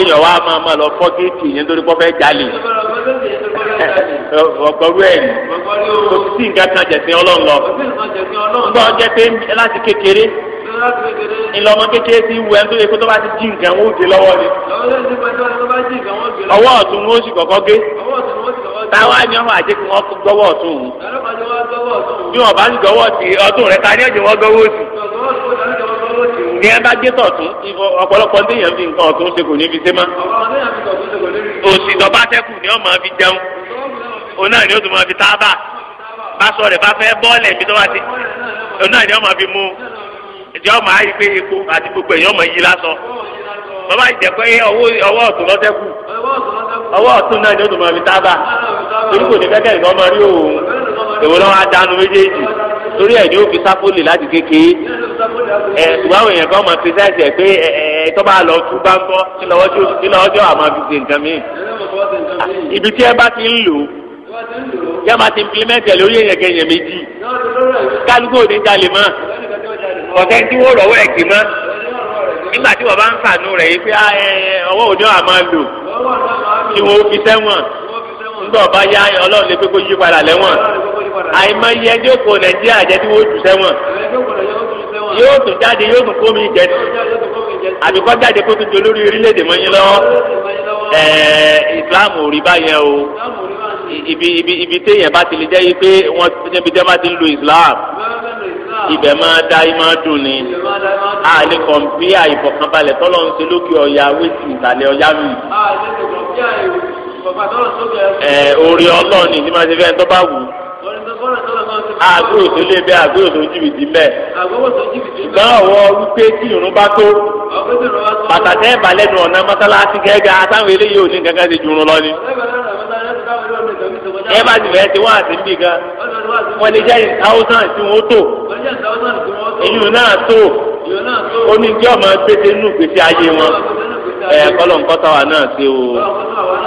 èèyàn wa máa máa lọ fọ́ géètì yẹn torí pọ́ fẹ́ jalè. ọgbọrú ẹ kò sí nǹkan kan jẹsìn Ọlọ́run lọ gbọ jẹ pé láti kékeré ìlọmọ kékeré ti wù ẹ nítorí pé tó bá ti jí nǹkan wọn ó gé lọ́wọ́ ni ọwọ́ ọ̀tún wọn ó sì kọ́kọ́ gé táwa ni wọn àti kí wọn gbọ́wọ́ ọ̀tún òun bí wọn bá sì gbọ́wọ́ sí ọ̀tún rẹ ta ni ẹjẹ wọn gbọ́wọ́ sí. ní ẹ bá gé tọ̀tún ọ̀pọ̀lọpọ̀ téèyàn fi nǹkan ọ̀tún ṣe kò ní fi ṣe má. òsì tó bá ni ó fi jẹun òun náà ni ó tún máa fi tábà bá sọ rẹ̀ bá fẹ́ bọ́ọ̀lẹ̀ mi tó wá òun náà ni ó fi mú ìjọ máa yí pé epo àti gbogbo èèyàn lásán bàbá ọwọ́ ọ̀tún ọwọ́ èwo lọ́wọ́ adánu méjèèjì torí ẹ̀ ní ó fi sápólì láti kékeré ẹ̀ ṣùgbọ́n àwọn èèyàn kan máa fi sáìsì ẹ̀ pé ẹ̀ tọ́ba lọ tú bá ń bọ́ nílọ́wọ́jọ́ àmọ́ fi ṣe nǹkan mi. ibi tí ẹ bá ti ń lò yá máa ti implement ẹ̀ lórí èèyàn kẹyìn méjì kálukú òde jalè mọ́ ọ̀tẹ́ tí wọ́n rọ̀wọ́ ẹ̀ kì mọ́ nígbà tí wọ́n bá ń fàánú rẹ̀ yìí pé ah, ọwọ́ òde àmọ́ lò tí wọ́n fi sẹ́wọ̀n ńgbọ̀ bá yá ọlọ́run lè pé yí padà lẹ́wọ̀n àìmọ̀ iye ẹjọ́ kò nàìjíríà jẹ́ tí jù sẹ́wọ̀n yóò tún jáde yóò tún kómi jẹ àbíkọ́ jáde kó tún jẹ olórí orílẹ̀-èdè mọ́ yín lọ́wọ́ Islam ò rí báyẹn o ibi ibi ibi téèyàn bá ti lè jẹ́ yí pé wọ́n níbi jẹ́ bá ti ń lo Islam ibẹ̀ máa dá yín dùn ni a lè kàn bí àìfọkànbalẹ̀ tọ́lọ́ ṣe lókè ọ̀ya wíṣí ìsàlẹ̀ ọ̀ya mi ẹ orí ọlọ́ọ̀ni tí máa ṣe fẹ́ tó bá wù ú. àgbèrò tó lé bẹ́ẹ̀ àgbèrò tó jìbìtì bẹ́ẹ̀. ṣùgbọ́n ọ̀wọ́ wípé tí ìrún bá tó. pàtàkì ẹ̀ balẹ̀ nù ọ̀nà mọ́sálásí gẹ́gẹ́ àtàwọn eléyìí ò ní gángan ti jùrún lọ ni. ẹ bá ti fẹ́ ti wá àti níbi gan. wọ́n lè jẹ́ ìtàwọ́sán tí wọ́n tó. èyí náà tó. ó ní kí ọmọ gbèsè nù gbèsè ayé wọn. ẹ̀ kọ́lọ̀ ń kọ́ta náà ṣe o.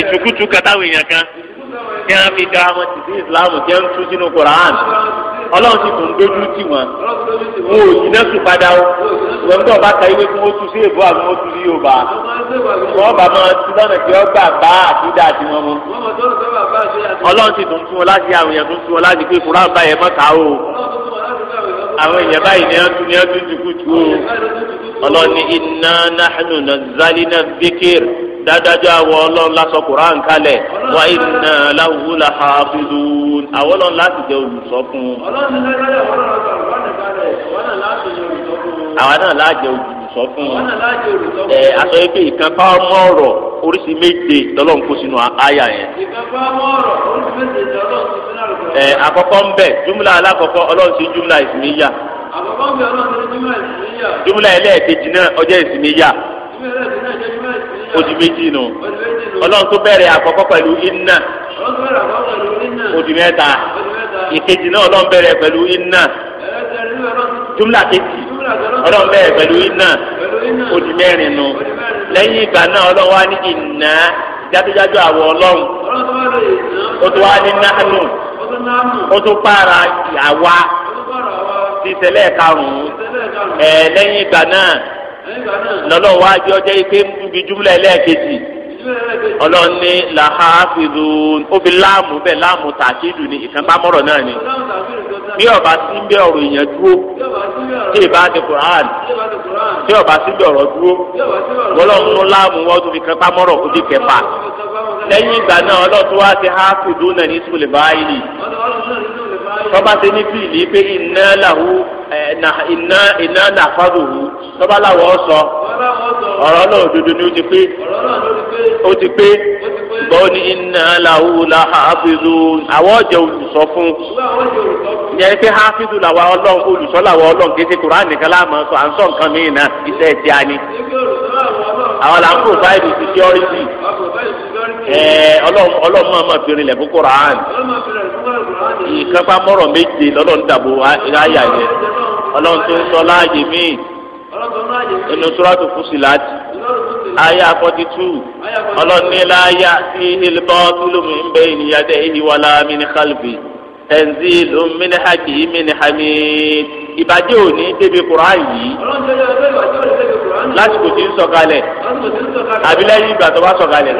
ìtukùtù kàtàwé yẹn kan kí wọn fi ga wọn ti sí islam jẹ ń tú sínú koran ọlọ́run ti tún dojú tì wọn wọn ò yíná tún padà o wọn tó ọba ka ìwé fún otu sí èbó àbí wọn tú sí yorùbá wọn bá máa tún lọ́nà tí wọn gbà bá àtúndà àti wọn mu ọlọ́run ti tún tún wọn láti àwọn èèyàn tún tún wọn láti pé koran báyẹn mọ́ta o àwọn èèyàn báyìí ni wọn tún ni wọn tún tukùtù o ọlọ́run ni inna nahnu nazzalna dhikr. dájájọ́ àwọn ọlọ́run lásọ Kùránì kalẹ̀ wà inna lahu lahafizun àwọn ọlọ́run láti jẹ́ olùsọ fún un. àwa náà láàjẹ olùsọ fún un. ẹ aṣọ ife ìkànpá ọmọ ọrọ oríṣi méje lọ́lọ́run kó sínú àyà ọmọ ọrọ oríṣi méje lọ́lọ́run kó sínú ẹ ń bẹ sí ń odi méjì nù ọlọ́run tó bẹ̀rẹ̀ àkọ́kọ́ pẹ̀lú iná odi mẹ́ta ìkejì náà ọlọ́run bẹ̀rẹ̀ pẹ̀lú iná jumla kejì ọlọ́run bẹ̀rẹ̀ pẹ̀lú iná odi mẹ́rin nù lẹ́yìn ìgbà náà ọlọ́run wá ní iná jádejáde àwọ̀ ọlọ́run tó ní nánú ó tó para àwa karùn-ún ẹ̀ lẹ́yìn ìgbà náà. lọ́lọ́ wa jọ jẹ́ pé ibi júmùlá ẹlẹ́ẹ̀kejì ọlọ́run ní làhàfìdù obì láàmù bẹ́ẹ̀ láàmù tàkìdù ní ìkànnpámọ́rọ̀ náà ni bí ọba sí ń bẹ ọ̀rọ̀ èèyàn dúró tí ìbá ti Quran tí ọba sí ń bẹ ọ̀rọ̀ dúró ọlọ́run ní láàmù wọn tún fi kànnpámọ́rọ̀ kó di kẹfà lẹ́yìn ìgbà náà ọlọ́run wá ti hàfìdù náà ní sùlẹ̀ báyìí tọ́ba ti ní fìlì pé ìnáyà Eh, iná nàfàdùhù tọ́ba làwọ̀ sọ ọ̀rọ̀ náà òdodo ni ó ti pé ó ti pé ṣùgbọ́n ó iná làwù làhàbìlù àwọn ọ̀jẹ̀ olùsọ fún yẹn pé hafidu làwọn ọlọ́run olùsọ làwọn ọlọ́run kì í nìkan láàmú sọ à ń sọ nǹkan mìíràn náà iṣẹ́ ẹ̀ àwọn là ń provide security ọlọ́run tó ń sọ láàyè míì inú sọ́ràtù fúsìlát ayé afọ́tí tù ọlọ́run ní láyé àti ìlbọ́tìlù mi ń bẹ ìníyàdé ìhìwàlá mi ní kálífì tẹ̀nzílù mi ní hàkì mi ní hàmì ìbàjẹ́ òní débi kura yìí lásìkò tí ń sọ̀kalẹ̀ àbí lẹ́yìn ìgbà tó bá sọ̀kalẹ̀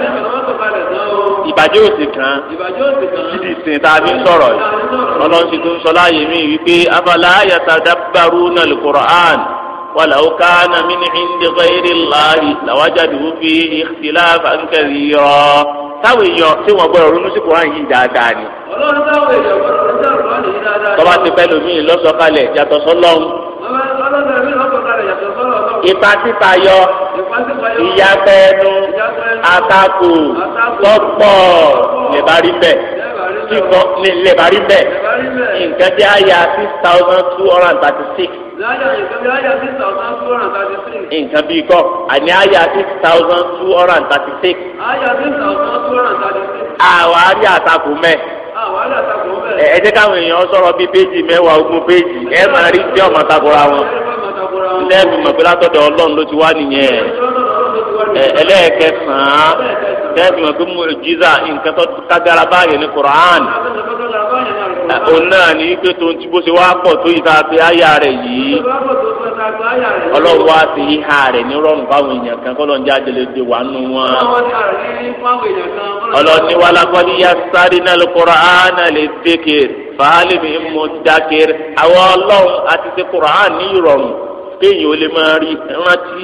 ìbàjẹ́ òsì kan títí sìn tá a fi ń sọ̀rọ̀ ọlọ́run ti tó ń sọ láàyè mí wípé afala yatadabbaruna al-Qur'an walau kana min indi ghayri Allahi lawajadu fihi ikhtilafan kathira táwọn èèyàn tí wọ́n gbọ́dọ̀ ronú sí Qur'an yìí dáadáa ni. ọlọ́run táwọn èèyàn gbọ́dọ̀ ronú sí Qur'an yìí dáadáa ni. tọ́ba ti fẹ́ lómi ìlọ́sọ̀kalẹ̀ yàtọ̀ sọ́lọ́run ìpàsípayọ ìyàtọ̀ ẹnu àtakò lọ́pọ̀ lẹ́bàrí bẹ́ẹ̀ kíkọ́ lẹ́bàrí bẹ́ẹ̀ nǹkan tí a yà six thousand two hundred and thirty six nǹkan bíi kọ́ àní àyà six thousand two hundred and thirty six àwa àtakò mẹ́ẹ̀. Ah, ẹ jẹ́ káwọn èèyàn sọ̀rọ̀ bíi péjì mẹ́wàá ogún péjì ẹ máa rí tí ọmọ wọn lẹ́ẹ̀mí mọ̀gbẹ́lá ọlọ́run ló ti wá nìyẹn ẹlẹ́ẹ̀kẹsàn-án tẹ́ẹ̀fì mọ̀ pé mu'jiza nǹkan tó kágara báyìí ní Qur'an òun náà ní pé tó ń ti bó ṣe wá pọ̀ tó yìí tá a fi áyà rẹ̀ yìí ọlọ́run wá sí ìhà rẹ̀ ní rọrùn fáwọn èèyàn kan kọ́ ló ń jáde dé wà nù wọn. ọlọ́ni wa laqad yassarna al-Qur'ana lidh-dhikr fahal min muddakir àwọn ọlọ́run àti ti Qur'an ní ìrọ̀rùn kéèyàn ó lè máa rí rántí.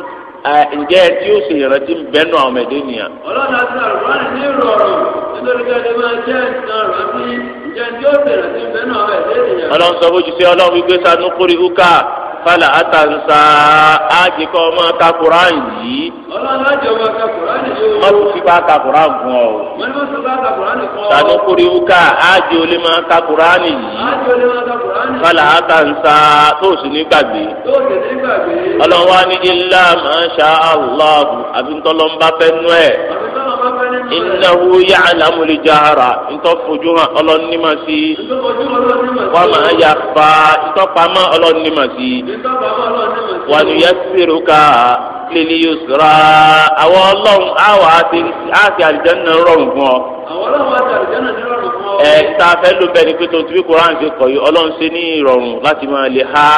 ǹjẹ́ ẹ tí ó ṣe ìrántí ń bẹ́nu àwọn ọmọ ẹ̀dẹ́ nìyà. ọlọ́run àti àrùbọ́n ní ìrọ̀rùn nítorí pé ẹni máa jẹ́ ìtàn rántí ǹjẹ́ tí ó ṣe ìrántí ń bẹ́nu àwọn ẹ̀dẹ́ nìyà. ọlọ́run sọ fojúṣe ọlọ́run wípé sanu kórè húkà fàlà àtàǹsà àjẹkọ ọmọ kakura yìí. ọlọ́run àjẹ ọmọ kakura yìí. má tún fi bá kakura gùn ọ. mọ́ni má tún bá kakura nìkan. sanu kórè húkà àjẹ olè má kakura kálá àtàǹsà tó sì ní gbàgbé. ọlọ́run wá ní ilá màṣá aláàbù àbí ntọ́lọ́mbà fẹ́nu ẹ̀. innahu ya'lamu al-jahra ntọ́ fojú hàn ọlọ́run ní ma sí. wa ma yakhfa ntọ́ pamọ́ ọlọ́run ní ma sí. wa nuyassiruka lil yusra àwọn ọlọ́run á wà á ti àlìjẹ́ nínú rọrùn fún ẹ tá a ló ni pé tontun bí koran ṣe kọ̀ yìí ọlọ́run ṣe ní láti máa lè ha.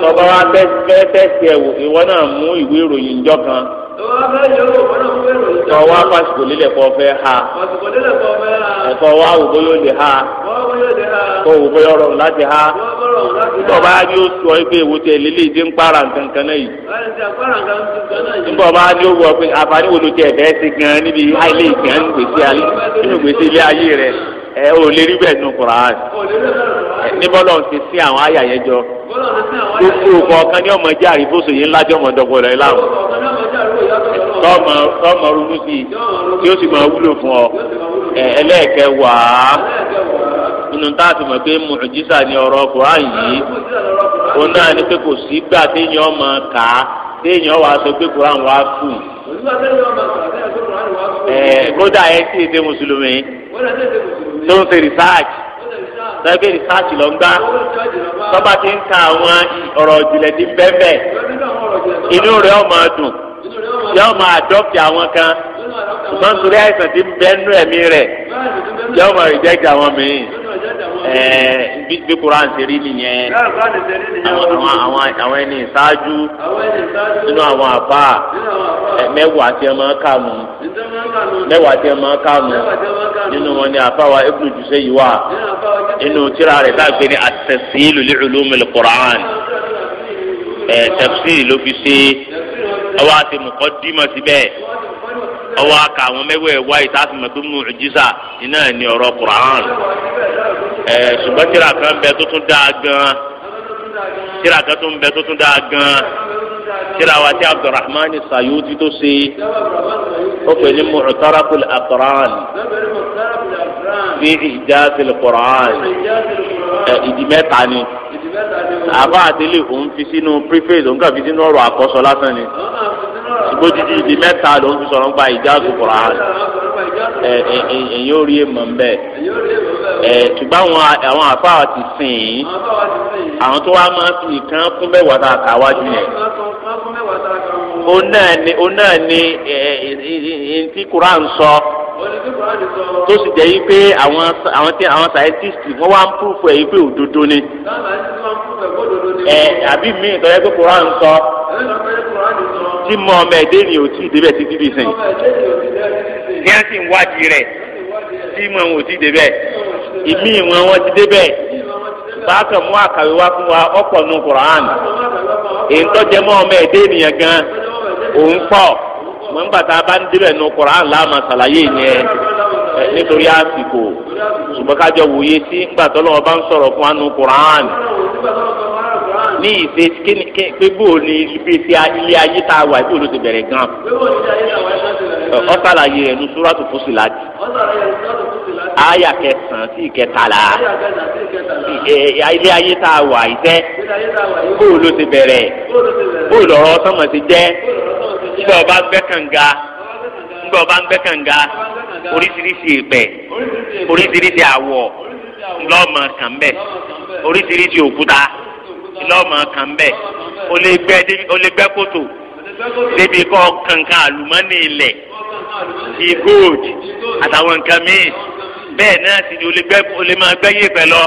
tọ́ba wa fẹ́ fẹ́ ìwọ náà mú ìwé ìròyìn jọ ha. wa wò bóyá ó lè ha. kó wò bóyá láti ha. nígbà bá ní o sọ pé èwo tẹ lélẹ̀ ìdí ń para nǹkan kan náà yìí. nígbà bá ní o wọ pé àǹfààní wo ló tẹ ẹ̀fẹ́ ṣe gan níbi àìlè gan gbèsè ayé nínú gbèsè ilé ayé rẹ ẹ o lè rí bẹ́ẹ̀ nù kura níbọ̀lọ̀ ti sí àwọn àyà yẹn jọ gbogbo ọ̀kan ní ọmọ ẹjẹ́ àríbóso yìí ńlá jọmọ dọ́gbọ̀ rẹ láwọn tọmọ tọmọ ronú sí i tí ó sì máa wúlò fún ọ ẹlẹ́ẹ̀kẹ́ wàá. inú tá a fi mọ̀ pé mùjísà ni ọ̀rọ̀ Kùránì yìí òun náà ni pé kò sí gbà téèyàn mọ̀ ká téèyàn wàá sọ pé Kùránì wàá fù. kódà ẹ tí èdè mùsùlùmí tó ń ṣe rìsáàjì lẹ́gbẹ́ rìsáàjì lọ ń gbá tọ́ba ti ń ka àwọn ọ̀rọ̀ ìjìnlẹ̀ ní bẹ́ẹ̀ inú rẹ̀ ọmọ dùn yọ ọmọ àdọ́pì àwọn kan. ṣùgbọ́n sórí àìsàn ti ń bẹ́nu ẹ̀mí rẹ̀ jẹ́ ọmọ rìjẹ́kì àwọn míì bí kuran ti rí nìyẹn àwọn ẹni ìṣáájú nínú àwọn àbá mẹ́wàá tí ẹ máa kànú mẹ́wàá tí ẹ máa kànú nínú wọn ni àbá wa Ibn Juzayy wà nínú tírà rẹ̀ láàgbé ní at-Tafsīl li ʿulūm al-Qur'ān ló fi ṣe ọwọ́ àti muqaddimah síbẹ̀ ọwọ́ aka àwọn mẹ́wẹ́ wá ìta àti mẹ́tò mú ìjísà iná ní ọ̀rọ̀ Qur'an ẹ̀ ṣùgbọ́n tíra kan bẹ tó tún dáa gan tíra kan tó ń bẹ tó tún dáa gan tíra wa tí Abdurrahman Sayuti tó ṣe ó pè ní Mu'tarakul Aqran fi ìjáàsì Qur'an ẹ̀ ìdí mẹ́ta ni àbá àtẹlẹ òun fi sínú preface òun kà fi sínú ọ̀rọ̀ àkọ́sọ lásán ni àsìkò títí ibi mẹ́ta ló ń fi sọ̀rọ̀ nípa ìjáàzù Kùránì ẹ ẹ̀yin ò rí èèmọ̀ ń bẹ̀ ẹ ṣùgbọ́n àwọn àwọn àfáà ti sìn yín àwọn tó wá máa fi nǹkan fún mẹ́wàá tá a kà wájú yẹn o náà ni o náà ni ẹ ẹ ntí Kùránì sọ tó sì jẹ́ yí pé àwọn àwọn tí àwọn scientist wọ́n wá ń púrúfù ẹ̀ yí pé òdodo ni ẹ àbí mi ìtọ́jú pé Kùránì sọ. tí mọ ọmọ ẹ̀dẹ́ ni ò tí ì títí bí sìn. ní a sì ń wádìí rẹ̀ tí mọ òun ò tí ì ìmí ìwọ̀n wọn ti débẹ̀ báàkà mú àkàwé wá fún wa Qur'an ọmọ gan òun a bá ń Qur'an yẹn nítorí àsìkò ṣùgbọ́n kájọ wòye lọ́wọ́ bá ń sọ̀rọ̀ fún wa ní ìṣe pé bó o ní ilé ayé tá a wà bó o ló ti bẹ̀rẹ̀ gan. ọ̀sàlàyé rẹ̀ nu súrátù Fussilat. àyà kẹsàn-án sí ìkẹtàlá. ilé ayé tá a wà ìfẹ́ bó o ló ti bẹ̀rẹ̀ bó o lọ̀rọ̀ sọ́mọ̀ ti jẹ́ nígbà ọba ń bẹ́ kànga nígbà ọba ń bẹ́ kànga oríṣiríṣi ìpẹ́ oríṣiríṣi àwọ̀ lọ́mọ kàn bẹ́ẹ̀ oríṣiríṣi òkúta lọ́ọ̀mọ̀ kan bẹ́ẹ̀ o lè gbẹ́ o lè gbẹ́ kòtò débi kọ́ kankan àlùmọ́nì ilẹ̀ ti gold àtàwọn nǹkan míì bẹ́ẹ̀ náà sì ni o lè gbẹ́ o lè máa gbẹ́ yé pẹ̀ lọ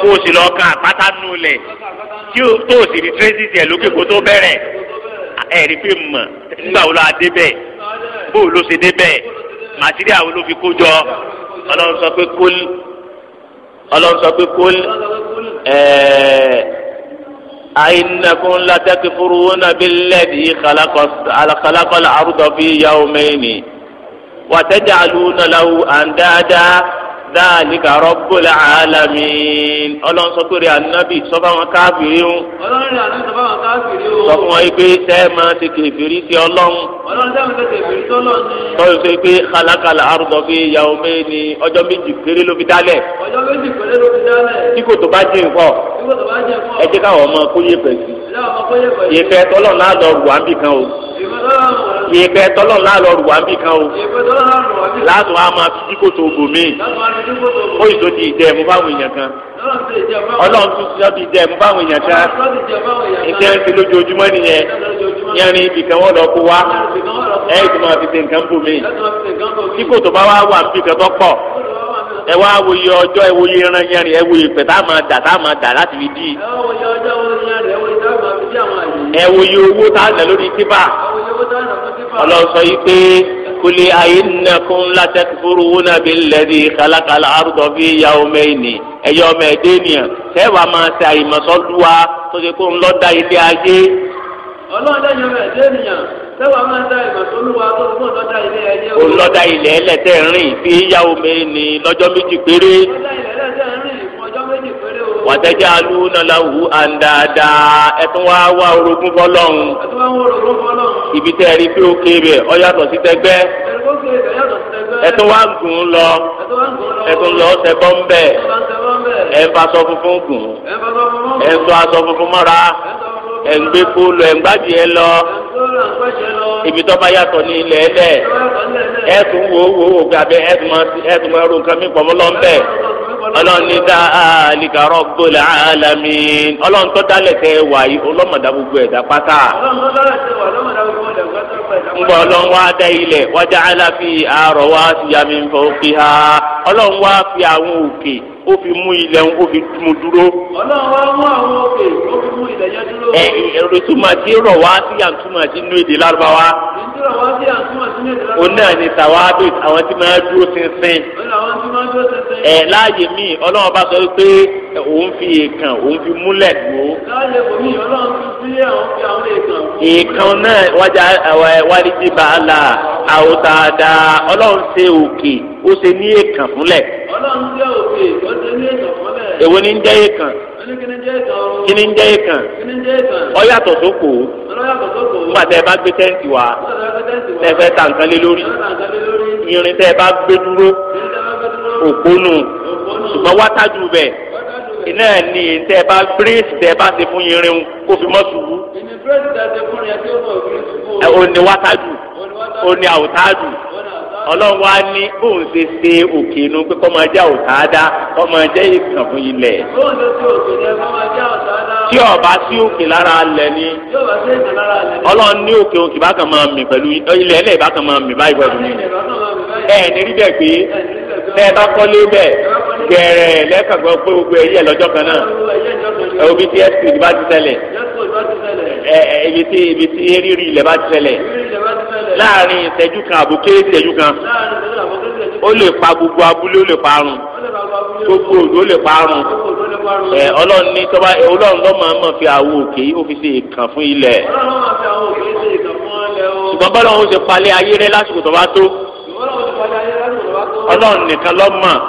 kó o sì lọ ka àpáta nù lẹ̀ tí o tó o sì rí tírẹ́sì tiẹ̀ lókè kó tó bẹ̀rẹ̀ ẹ̀rí pé mọ̀ nígbà wo la dé bẹ́ẹ̀ bó o ló ṣe dé bẹ́ẹ̀ màtíríà wo ló fi kó jọ ọlọ́run sọ pé kólí ọlọ́run sọ pé kólí ẹ̀ẹ́ àyìnlẹ́kùn látẹ́kì fúru nàbí lẹ́dí kàlákọ́lá àrùdọ̀fì yàwó mẹ́yìn ni wàtẹ́jà lùnà kadhalika rabbul alamin ọlọ́run sọ pé rẹ ànábì sọ fáwọn káfíìrì ń. ọlọ́run rẹ ànábì sọ fáwọn káfíìrì ń. sọ fún wọn pé tẹ́ ẹ máa ti kèfèrí sí ọlọ́run. ọlọ́run tẹ́ ẹ ti kèfèrí sí ọlọ́run ni. sọ pé khalaqal arda fi yawmayni ọjọ́ méjì péré ló fi dálẹ̀. ọjọ́ méjì péré ló fi dálẹ̀. kíkò tó bá jẹ́ nǹkan. kíkò tó bá jẹ́ nǹkan. ẹ ìfẹ́ tọ́lọ̀ náà lọ rù wá ń bì kan o ìfẹ́ tọ́lọ̀ náà lọ rù wá ń kan o láti máa fi ó ìtò di ìdẹ́ mú báwọn èèyàn kan ọlọ́run tún ti di ìdẹ́ kan ń ti lójoojúmọ́ nìyẹn lọ kó wá máa fi nǹkan bá wá wà tó pọ̀ ẹ wá wòye ọjọ́ ẹ wòye ẹran ẹ wòye pẹ̀ tá a máa dà tá a máa dà ẹ wo iye owó tá a nà lórí tíbà ọlọ́run sọ yìí pé kuli ayinnakum latakfuruna billadhi khalaqal arda fi yawmayni ẹ̀yọ́ ọmọ ẹ̀dẹ́ nìyẹn tẹ́wàá máa ṣe àyìnmọ́sọ́lúwa tó ṣe kó ń lọ́ọ́ da ilé ayé. ọlọ́run lẹ́yìn ọmọ ẹ̀dẹ́ nìyẹn tẹ́wàá máa da ìmọ̀sọ́lúwa tó ṣe kó ń lọ́ọ́ da ilé ayé. ó lọ́ọ́ da ilẹ̀ ẹlẹ́tẹ̀ rìn fi yawmayni lọ́jọ́ méjì péré. ó lọ́ọ́ da wàtẹ́jà alúnaláwù àǹdàdà ẹ̀tún wá wá orogún fọlọ́hún ibi tẹ́ ẹ rí pé ó kéré ọ yàtọ̀ sí tẹgbẹ́ ẹ̀tún wá gùn lọ ẹ̀tún lọ sẹ́bọ̀ ń bẹ̀ ẹ̀ ń fa aṣọ funfun gùn ẹ̀ ń sọ aṣọ funfun mọ́ra ẹ̀ ń gbé kó ẹ̀ ń gbájì ẹ lọ ibi tó bá yàtọ̀ ní ilẹ̀ ẹ̀ lẹ̀ ẹ̀ tún wò ó wò ó gbàgbé ẹ̀ tún máa ronú nǹkan mi pọ̀ mọ́ lọ́nbẹ̀. ọlọ́run ní dáálíkà rọ́gbọ́lá alámi ọlọ́run tó dálẹ̀ tẹ wà ọlọ́mọdà gbogbo ẹ̀dá pátá. ńgbà ọlọ́run wá dá ilẹ̀ wájà aláfi àárọ̀ wá síyàmí fọ́ọ́kì ha wá fi àwọn òkè. ó fi mú ilẹ̀ ń ó fi mú dúró. ọlọ́run wá mú àwọn òkè ó fi mú ilẹ̀ yẹn dúró. ẹ ẹ̀rọ túmọ̀ tí rọ̀ wá sí àtúmọ̀ sí inú èdè lárúbáwá. ìdí rọ̀ wá sí àtúmọ̀ sí inú èdè lárúbáwá. oní àní tàwádò àwọn tí máa dúró ṣinṣin. àwọn tí máa dúró ṣinṣin. ẹ láàyè míì ọlọ́run bá sọ pé òun fi èèkàn òun fi múlẹ̀ tó. láàyè míì ọlọ́run fi sílẹ̀ òun fi àwọn èèkàn. èèkàn náà wájà wárí ó ṣe ní èèkàn fúnlẹ̀. ọlọ́run jẹ́ òkè ó ṣe ní èèkàn fúnlẹ̀. èwo ni ń jẹ́ èèkàn. kí ni ń jẹ́ èèkàn. ó yàtọ̀ sóko. nígbà tẹ́ ẹ bá gbé tẹ́ǹtì wá tẹ́ ẹ fẹ́ ta nǹkan lé lórí irin tẹ́ ẹ bá gbé dúró òpónú ṣùgbọ́n wátàjú bẹ́ẹ̀ iná ẹ̀ ní tẹ́ ẹ bá bírèsì tẹ́ ẹ bá ṣe fún irin kó fi mọ́ ṣubú. ìní bírèsì tẹ́ ẹ ṣe fún ọlọ́run wa ní bóun ṣe ṣe òkè inú pé kọ́ máa jẹ́ òtáadá kọ́ máa jẹ́ ìtàn fún ilẹ̀. bóun ṣe ṣe òkè yẹn kọ́ máa jẹ́ òtáadá. tí ọba sí òkè lára alẹ̀ ni. tí ọba sí òkè lára alẹ̀ ni. ọlọ́run ní òkè òkè bá kan máa mì pẹ̀lú ilẹ̀ ẹlẹ́ bá kan máa mì báyìí pẹ̀lú mi. ẹ ní rí bẹ́ẹ̀ pé bẹ́ẹ̀ bá kọ́lé bẹ́ẹ̀ gẹ̀rẹ̀ lẹ́kàgbọ́ pé gbogbo ẹ̀yẹ lọ́jọ́ kan náà òbí tí ẹ ibi tí ibi tí eriri ilẹ̀ bá ti ṣẹlẹ̀ láàrin ìṣẹ́jú kan àbòkéré ìṣẹ́jú kan ó lè pa gbogbo abúlé ó lè pa àrùn gbogbo òdò ó lè pa àrùn ẹ ọlọ́run ní tọ́ba ọlọ́run lọ́ máa ń mọ̀ fi àwo òkè yìí ó fi ṣe èèkàn fún ilẹ̀ ṣùgbọ́n bọ́lá wọn ó ṣe palẹ̀ ayé rẹ lásìkò tó bá tó ọlọ́run nìkan ló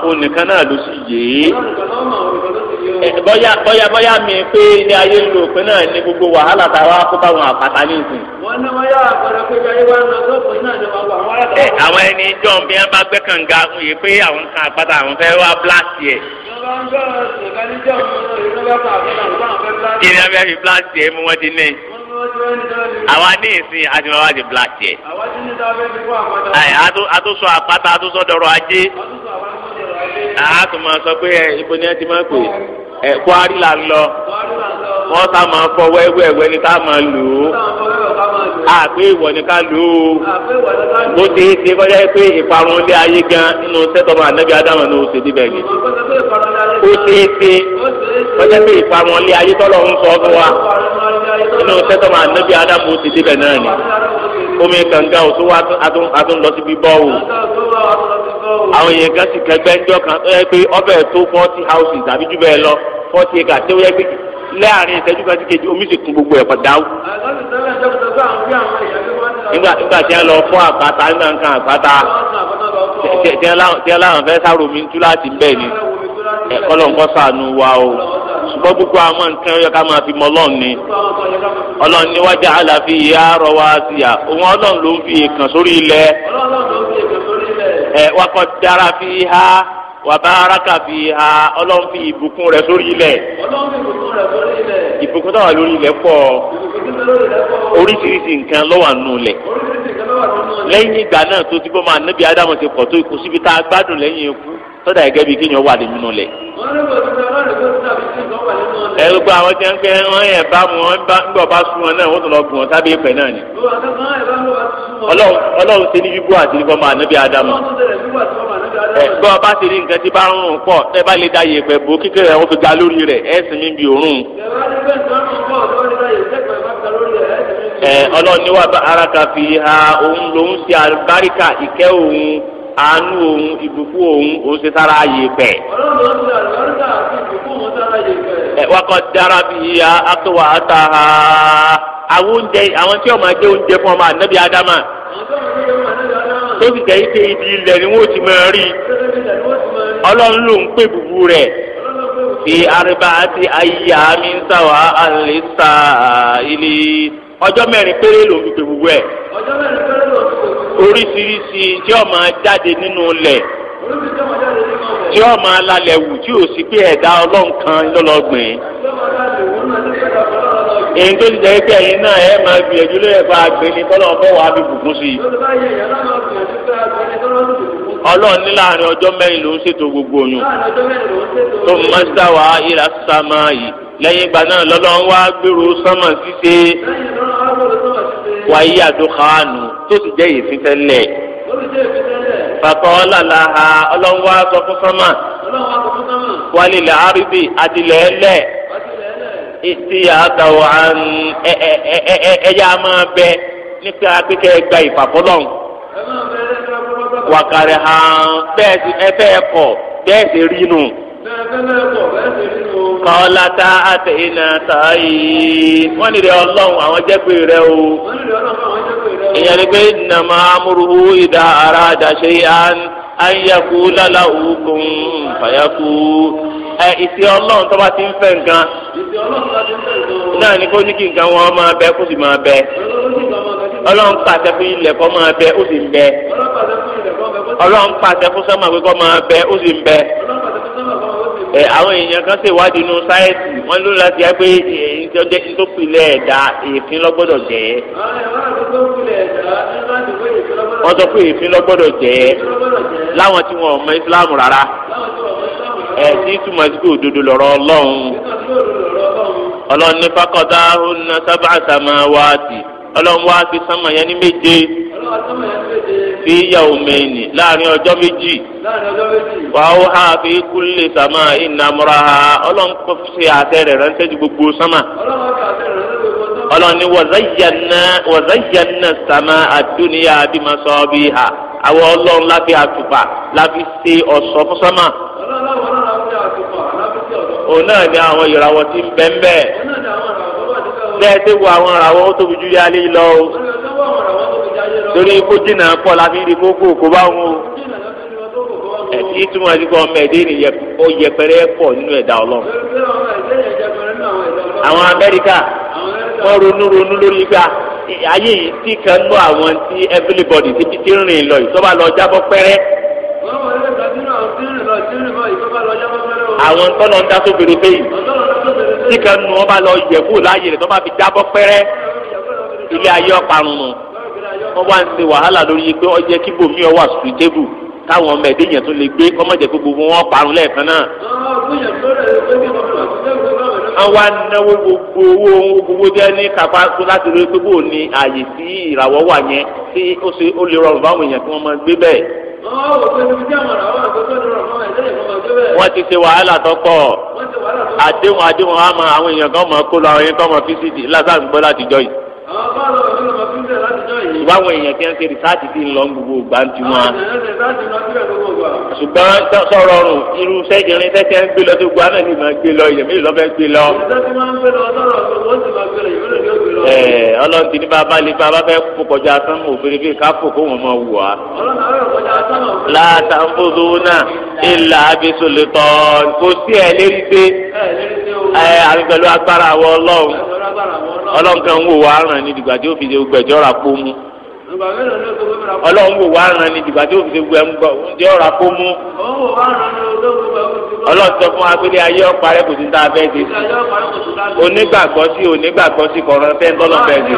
òun nìkan náà ló sì yé Eh, bọ́yá bọ́yá bọ́yá mi pé ilé ayé ń lo òpin náà ní gbogbo wàhálà tá a wá kó bá wọn àpáta ní ìsìn. wọ́n ní wọ́n yára gbọ́dọ̀ pé ayé wa ń lọ sọ́kùnrin náà ló máa wà wọ́n àgbà. Eh, àwọn ẹni jọ bí wọ́n bá gbẹ́ kànga ń yè pé àwọn kan àpáta àwọn fẹ́ wá bíláàsì ẹ̀. ìrìn abẹ́ fi bíláàsì ẹ̀ mú wọ́n ti ní àwa ní ìsìn àtìmọ́ wa ti bíláàsì ẹ̀. àwa ti ní a ah, tún máa sọ pé ẹ eh, ibo ni ẹ ti máa pè ẹ eh, kwari là ń lọ wọn sá máa fọ wẹ́wẹ́wẹ́ ni ká máa lò ó àpé ah, ìwọ ni ká lò ó ó ti é ṣe kọjá pé ìparun ilé ayé gan nínú sẹ́tọ̀mù ànábì adámọ̀ ní oṣù níbẹ̀ ni ó ti é ṣe kọjá pé ìparun ilé ayé tọ́lọ̀ ń sọ fún wa nínú sẹ́tọ̀mù ànábì adámọ̀ oṣù níbẹ̀ náà ni omi kànga òtún wa atún lọ síbi bọ́ọ̀wù àwọn èèyàn kan sì kẹgbẹ́ ńjọ kan tó yẹ pé ọbẹ̀ tó forty houses àbí jù bẹ́ẹ̀ lọ forty acres tó yẹ pé láàrin ìtẹ́jú kan sí kejì omi sì kún gbogbo ẹ̀ pàdá. nígbà nígbà tí wọ́n lọ fún àpáta nígbà nǹkan àpáta tí wọ́n láwọn fẹ́ sáré omi tú láti bẹ́ẹ̀ ni ẹ̀kọ́ sànù wa o ṣùgbọ́n gbogbo àwọn nǹkan yẹ ká máa fi mọ ọlọ́run ni ọlọ́run ni wájà àlàfi ìyá rọwá òun ọlọ́run ló ń fi èèkàn sórí ilẹ̀ ẹ wakọ dara fi ha wabaraka fi ha ọlọ́run fi ìbùkún rẹ̀ sórí ilẹ̀. ọlọ́run fi ìbùkún rẹ̀ sórí ilẹ̀. ìbùkún tó wà lórí ilẹ̀ pọ̀. ìbùkún tó wà lórí ilẹ̀ pọ̀. ti bọ́ máa nábì ádámù ti pọ̀ tó ikú síbi tá a gbádùn lẹ́yìn sọdọ ẹgẹ bíi kínyìn wà nínú nulẹ. ẹrú pé àwọn jẹ́ ń pẹ́ wọ́n yẹn bá mu wọ́n bá ń gbọ́ bá wọn náà wọ́n tún lọ gùn wọn ìfẹ́ náà ni. ọlọ́run ní àti ádámù. ti nǹkan tí bá ń pọ̀ tẹ́ bá lè ga lórí rẹ̀ ẹ̀ sì òórùn. ọlọ́run ni wà bá ara fi ha òun lòún ṣe àbáríkà ìkẹ́ òun. àánú òun ìbùkún òun òun ṣe sára ayé pẹ̀. wakọ̀ dára bíi akọ̀wà àtàhà àwọn oúnjẹ àwọn tí ó máa jẹ oúnjẹ fún ọmọ ànábì ádámà tó sì jẹ́ ike ibi ilẹ̀ ni wọ́n ti máa rí ọlọ́run ló ń pè bùbù rẹ̀ fi arìbá àti ayíyá mi ń sàwà àlè sáà ilé ọjọ́ mẹ́rin péré ló ń fi pè bùbù ẹ̀ oríṣiríṣi tí ó máa jáde nínú ilẹ̀ tí ó máa lálẹ́ wù tí ò sí pé ẹ̀dá ọlọ́run kan lọ́lọ́gbìn. èyí tó ti jẹ́ pé ẹ̀yin náà ẹ̀ máa gbìyànjú lórí ẹ̀fọ́ àgbẹ̀ni tọ́lọ́ bọ́ wàá fi bùkún sí i. ọlọ́run ní láàrin ọjọ́ mẹ́rin ló ń ṣètò gbogbo oyún tó máa ń sáwà ìlà sámáyì lẹ́yìn ìgbà náà lọ́lọ́run wá gbèrò sánmà ṣíṣe wáyé àdókàánù tó ti jẹ́ ìfitẹ́lẹ̀. fàkọ́ọ́lá la ha ọlọ́run wá sọ fún sánmà wálé ilẹ̀ àríbì àdìlẹ̀ ẹlẹ̀ ìtì àtàwọn ẹ̀yà máa bẹ nípa akẹ́kẹ́ gba ìfàfọ́lọ́n wàkàrẹ̀ hàn bẹ́ẹ̀ sì ẹ̀fẹ́ ẹ̀kọ́ bẹ́ẹ̀ sì rí nù. kọ́lá tá a tẹ̀ iná tá a yìí wọ́n ní rẹ̀ ọlọ́run àwọn o ìyẹn ni pé nàmá amúrúhú ìdá ara àdàṣe ayẹkú lálá òògùn fàyàkú ẹ ìsì ọlọ́run tó bá ti ń fẹ́ nǹkan náà ni kó ní kí nǹkan wọn máa bẹ kó sì máa bẹ ọlọ́run pàṣẹ fún ilẹ̀ máa bẹ ó ẹ àwọn èèyàn kan ṣe wádìí nínú sáyẹ́ǹsì wọ́n ló láti yá pé ìjọdẹ tó pilẹ̀ ẹ̀dá èéfín lọ́gbọ́dọ̀ jẹ́. wọ́n sọ pé èéfín lọ́gbọ́dọ̀ jẹ́ láwọn tí wọn mọ Islam rárá ẹ̀ tí túmọ̀ sí pé òdodo Ọlọ́run Ọlọ́run ní sábà Ọlọ́run sí fi yawmaini láàrin ọjọ́ méjì wà ó ha fi kulli sàmà inna amraha ọlọ́run fi àtẹ rẹ̀ ránṣẹ́ ju gbogbo sàmà ọlọ́run ni wazayyanna sama a dunya bimasabiha àwọn ọlọ́run láfi àtùpà láfi ṣe ọ̀ṣọ́ fún sàmà òun náà ni àwọn ìràwọ̀ ti ń bẹ́ńbẹ́ bẹ́ẹ̀ ti wo àwọn ìràwọ̀ tóbi ju yálé lọ o. torí kó jìnnà pọ̀ la fi rí kókó kó bá wọn o ẹtí ìtumọ̀ ẹtí kọ́ ọmọ ẹ̀dẹ́ nìyẹn ó yẹpẹrẹ pọ̀ nínú ẹ̀dá ọlọ́run. àwọn amẹ́ríkà wọ́n ronú ronú lórí gbà ayé yìí tí kan lọ àwọn tí everybody ti fi ti rìn lọ yìí tó bá lọ jábọ́ pẹ́rẹ́. àwọn tọ́lọ̀ ń dá sóbèrè bẹ́yì tí kan nu wọ́n bá lọ yẹ̀kú láàyè rẹ̀ tó bá fi jábọ́ pẹ́rẹ́ ilé ayé ọ̀parun nù wọ́n wá ń ṣe wàhálà lórí pé ó jẹ́ kí bòmí ọ wà sùtébù táwọn ọmọ ẹ̀dẹ́ yẹn tó lè gbé kọ́mọ jẹ́ pé gbogbo wọn parun lẹ́ẹ̀kan náà. wọ́n wá náwó gbogbo owó gbogbo bí ẹni kápá tó láti rí pé bóò ni àyè sí ìràwọ̀ wà yẹn tí ó ṣe ó lè rọrùn fáwọn èèyàn tí wọ́n máa gbé bẹ́ẹ̀. wọ́n ti ṣe wàhálà tó pọ̀ àdéhùn àdéhùn àmọ́ àwọn èèyàn kan mọ̀ kó lọ àwọn èèyàn kan mọ̀ fi sí lásán gbọ́ látijọ́ yìí àwọn bá lọ ọdún lọmọ tó ń bẹ láti jọ yìí. ìwáwọ èèyàn tí wọn ṣe rìsáàtì ti ń lọ gbogbo ìgbà ń tiwọn. àwọn èèyàn ṣe rìsáàtì lọ síbẹ̀ gbogbo ìgbà. ṣùgbọ́n sọ̀rọ̀ ọ̀run irú sẹ́jìnrín tẹ́tẹ́ ń gbé lọ tó gba náà ní ìmọ̀ gbé lọ ìyẹ̀mí ìlọ́fẹ́ gbé lọ. ọlọ́run ti ní bá bá lè bá bá fẹ́ kó kọjá sán òfin bíi káfò kó wọn mọ wù wá. látàkùnfòdó náà ìlà abisolè tán kò sí ẹ̀ lérí pé àmì pẹ̀lú agbára àwọn ọlọ́run. ọlọ́nkàn wò wá ràn ní dìgbà tí ó fi ṣe gbẹ̀jọ́ ra kó mú ọlọ́run wò wá ràn ní dìgbà tí ó fi ṣe gbẹ̀jọ́ ra kó mú sọ fún ayé ọ̀parẹ́ kò sí ní ta fẹ́ ṣe sí onígbàgbọ́ sí onígbàgbọ́ sí kọ̀ọ̀rọ̀ fẹ́ tọ́lọ̀ fẹ́ ṣe bọ́lọ̀ ti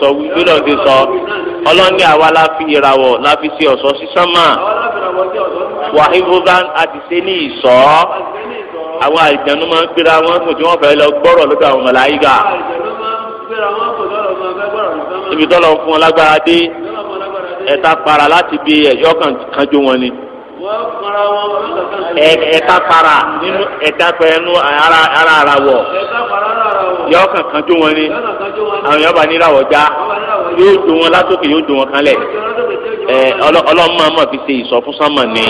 sọ bọ́lọ̀ sọ ní àwa ọ̀ṣọ́ àwọn àìjẹnu máa ń pera wọn kò tí wọ́n fẹ́ lọ gbọ́rọ̀ lọ́dọ̀ àwọn màláíkà. ibi tọ́lọ̀ ń fún wọn lágbára dé ẹ̀ta para láti bí ẹ̀yọ́ kanjú wọn ni. ẹ̀ta para nínú ẹ̀ta pẹ̀lú ara ara wọ̀ yọ kanjú wọn ni àwọn yọba níràwọ̀ já yóò dùn wọn látòkè yóò dùn wọn kálẹ̀ ọlọ́mọ àmọ́ fi ṣe ìsọfúnsámọ̀ ni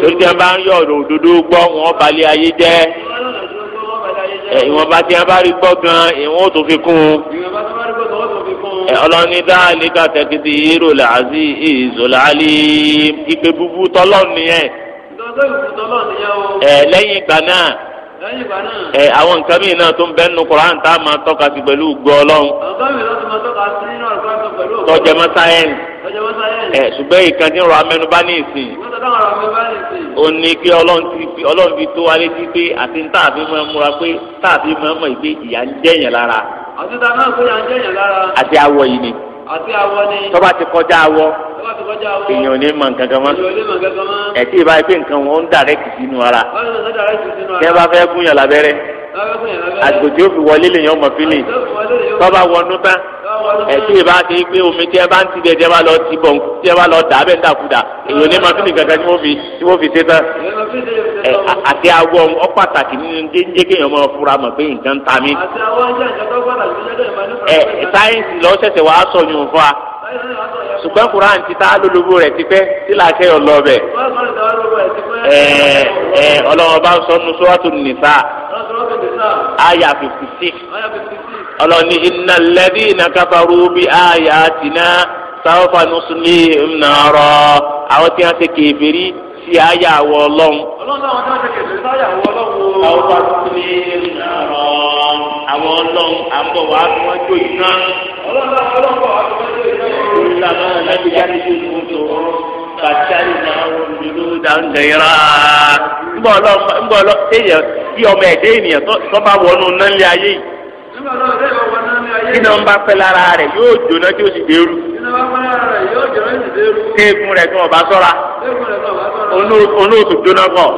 torí tí a bá ń yọ ọ̀rọ̀ òdodo gbọ́ wọn balẹ̀ ayé jẹ́ ìwọ̀nba tí a bá rí gbọ́ gan ìwọ̀n tó fi kún un ọlọ́ni dáàlì kàtẹ́kìtì yìírò làásì ìzòlálì ìpè búbú tọ́lọ́ nìyẹn lẹ́yìn ìgbà náà àwọn nǹkan mìíràn náà tó ń bẹ́ẹ̀ nu Koran tá a máa tọ́ka sí pẹ̀lú gbọ́ ọlọ́run. tọ́jẹ́ mọ́ sáyẹ́ǹsì. ṣùgbọ́n ìkan rọ amẹnubá ní ìsìn ó ní kí ọlọ́run fi tó wa létí pé àti ń tàbí máa ń múra pé tàbí máa ń mọ̀ pé ìyá ń jẹ́yàn lára. àti tàbí máa ń kóyà ń jẹ́yàn lára. àti awọ yìí ni. àti awọ ni. tọ́ba ti kọjá awọ. tọ́ba ti kọjá awọ. èèyàn ò ní mọ̀ nǹkan kan mọ́. èèyàn ò ní mọ̀ nǹkan kan mọ́. ẹ̀tí ìbá pé nǹkan wọn ń dàrẹ́kì sínú ara. tẹ́ bá fẹ́ gúnyàn lábẹ́rẹ́. àgbòjì ó fi wọlé lèèyàn mọ̀ fílì. ẹtí ìbá ti pé omi tí ẹ bá ń ti dẹ bá lọ ti bọ̀ tí ẹ bá lọ dà bẹ́ẹ̀ dàkúdà èèyàn ní màfínì kankan tí fi tí fi ṣe tán ẹ àti awọ ọ pàtàkì nínú kéèyàn máa fura mọ̀ pé nǹkan ta mí. ẹ sáyẹ́ǹsì lọ ṣẹ̀ṣẹ̀ wàá sọ yun fún wa ṣùgbọ́n kuran ti tá lólobó rẹ̀ ti pẹ́ tí làákẹ́ ẹ ẹ ọlọ́wọ́ bá sọ aya fifty six ọlọ́ni iná lẹ́bí iná kábàrú bí aya tina sáwọ́fà nùsùlì ńnàrọ̀ àwọn tí wọ́n ti kèfèrí sí aya wọ ọlọ́run. ọlọ́run àwọn tí wọ́n ti kèfèrí sí aya wọ ọlọ́run. sáwọ́fà nùsùlì ńnàrọ̀ àwọn ọlọ́run àbọ̀ wà á fi bàtàlínà olùdúdà ń dẹ̀yẹ́rà. ńgbọ́ ọlọ́ ńgbọ́ ọlọ́ èèyàn bí ọmọ ẹ̀dẹ́ ènìyàn tó bá wọnú nánlé ayé yìí. kí ni wọ́n bá pẹ́ lára rẹ̀ yóò jóná tí ó sì dérú. téèkùn rẹ̀ tí wọ́n bá sọ́ra. olóòtú jóná kọ̀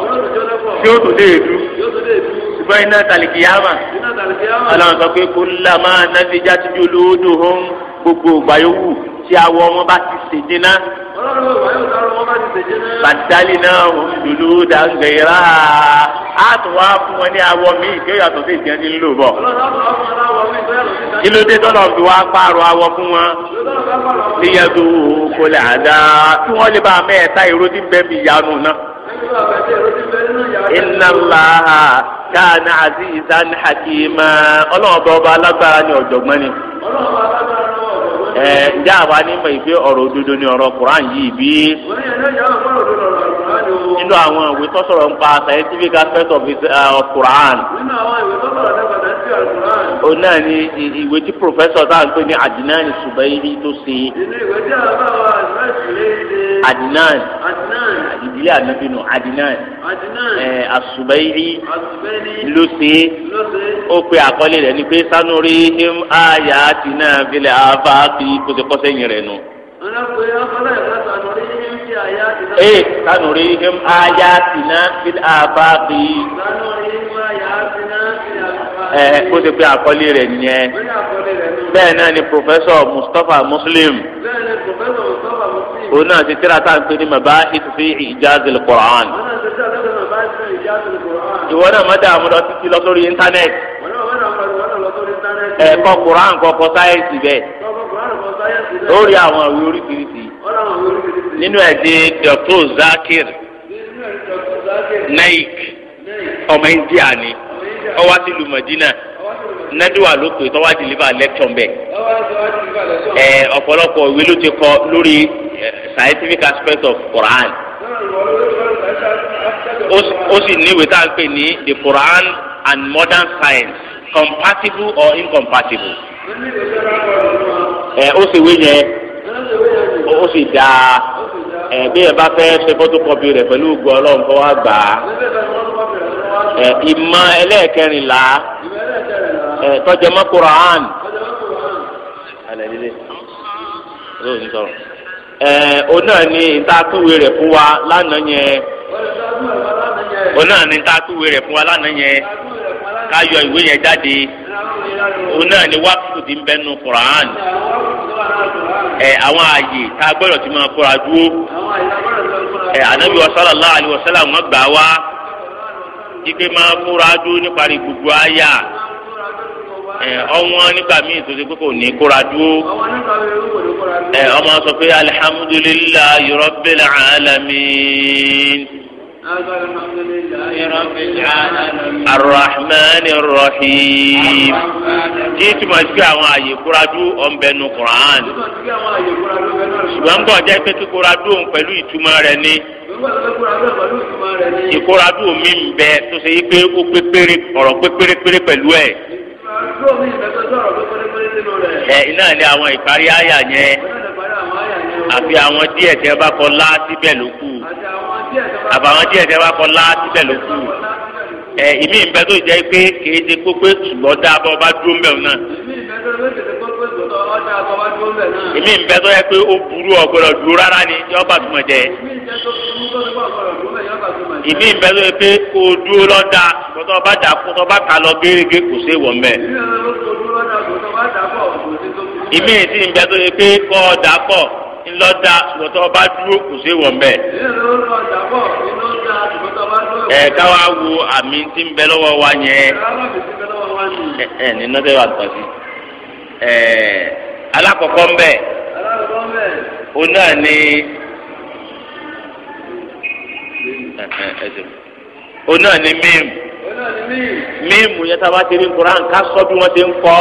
tí ó tún lè dú. ṣùgbọ́n iná tàlìkìyàmà. ọlọ́run sọ pé kó lámà náà ti já síbi olóòdù hàn gbogbo ìgbà yòówù tí awọ wọn bá ti ṣèjì náà. bàtàlì náà wọn dùdú dàgbéra á tún wá fún wọn ní awọ mi ìké yàtọ̀ sí ìjẹun ní lò bọ̀. kí ló dé tọ́lọ̀ fi wá pààrọ̀ awọ fún wọn. níyàtò kò lè àdá kí wọ́n lè bá mẹ́ẹ̀ta ìró tí ń bẹ́ẹ̀ fi yanu náà. inna Allaha kana azizan hakima ọlọ́run bá ọba alágbára ní ọ̀jọ̀gbọ́n ni. ẹ ǹjẹ́ àwa nímọ̀ ìgbé ọ̀rọ̀ òdodo ni ọ̀rọ̀ Quran yìí bí. nínú àwọn ìwé tó sọ̀rọ̀ nípa scientific aspect of Quran. Uh, náà ni ìwé tí pòfẹ́sọ̀ tá à ń pè ní Adnan Subaili tó ṣe. ìdílé ànábìnú ló ṣe. àti náà filẹ̀ àbá fi kóso kọ́sẹ́ yìn rẹ̀ nù. ee kanuri him aya tina fil àbá fi. ẹ kó ti pe àkọlé rẹ̀ nìyẹn. bẹ́ẹ̀ náà ni pòfẹ́sọ̀ Mustapha Muslim. bẹ́ẹ̀ ni pòfẹ́sọ̀ Mustapha Muslim. òun náà ti tíra tá à ń pè ní mabahith fi ijazil Qur'an. ìwọ náà má dààmú lọ títí lọ sórí íńtánẹ́ẹ̀tì ẹ̀kọ́ kuran kọ́kọ́ sáyẹ́ǹsì bẹ́ẹ̀ ó rí àwọn ìwé oríṣiríṣi nínú ẹ̀ di Dr. Zakir Naik ọmọ India ni ó wá sí Madina nẹ́dùwà ló pè tọ́wá dìlíbà lẹ́kṣọ̀n bẹ́ẹ̀. ẹ ọ̀pọ̀lọpọ̀ ìwé ló ti kọ lórí scientific aspect of Quran. ó sì ní ìwé tá a pè ní the Quran and modern science compatible or incompatible. ẹ ó sì wé yẹn ó sì dáa ẹ bí ẹ bá fẹ́ ṣe photocopy rẹ̀ pẹ̀lú ògùn ọlọ́run kọ́ wá gbà á. ìmọ̀ ẹlẹ́ẹ̀kẹrìnlá ẹ tọ́jọ́ mọ́ Quran. ẹ o náà ni ìtàkùwé rẹ̀ fún wa lánàá yẹn o náà ni ìtàkùwé rẹ̀ fún wa lánàá yẹn. ká yọ ìwé yẹn jáde òun ni wákìtù ti ń bẹnu Quran ẹ àwọn ààyè tá a gbọ́dọ̀ ti máa kóra dúró ẹ anabi sallallahu alaihi wasallam wọn gbà wá ike máa dúró gbogbo ọwọn nígbà míì tó ti pé kò ní dúró ọmọ sọ pé alihamudulilayi الحمد لله رب العالمين الرحمن الرحيم kí túmọ̀ sí àwọn àyè kúradú ọ̀nbẹ́nu Quran ṣùgbọ́n bọ̀ jẹ́ pé kíkúradú òun pẹ̀lú ìtumọ̀ rẹ̀ ni ìkúradú mi ń bẹ tó ṣe yí pé ó pé péré ọ̀rọ̀ pé pérépéré pẹ̀lú ẹ̀ ẹ̀ iná ni àwọn ìparí àyà yẹn àfi àwọn díẹ̀ tẹ́ bá kọ lá síbẹ̀ ló kù. àti àwọn àbàwọn díẹ̀ tẹ́ wá kọ́ lá síbẹ̀ ló kù ẹ ìmí ìbẹ́ tó jẹ́ pé kìí ṣe kópé ṣùgbọ́n dáàbọ̀ bá dúró ń bẹ̀rù náà. ìmí ìbẹ́ tó yẹ pé ó burú ọ̀gbọ̀dọ̀ dúró rárá ni yọ bá túmọ̀ jẹ. ìmí ìbẹ́ tó yẹ pé kó o dúró lọ́dà kótó bá dà kótó bá kà lọ gérégé kò sí ìwọ̀n bẹ́ẹ̀. ìmí ìsìn ìbẹ́ tó yẹ pé kọ́ dà pọ̀ ńlọ́dà ṣùgbọ́n tó o bá dúró kò sí wọ̀ mbẹ́. ẹ káwa wo àmì tí ń bẹ lọ́wọ́ wa yẹn. ẹ ẹ nínú tẹ́wà tó sí. ẹ alákọ̀ọ́kọ́ mbẹ́. o náà ní. o náà ní mímu mímu yẹn tá a bá ti rí kuran ká sọ bí wọ́n ti ń kọ́.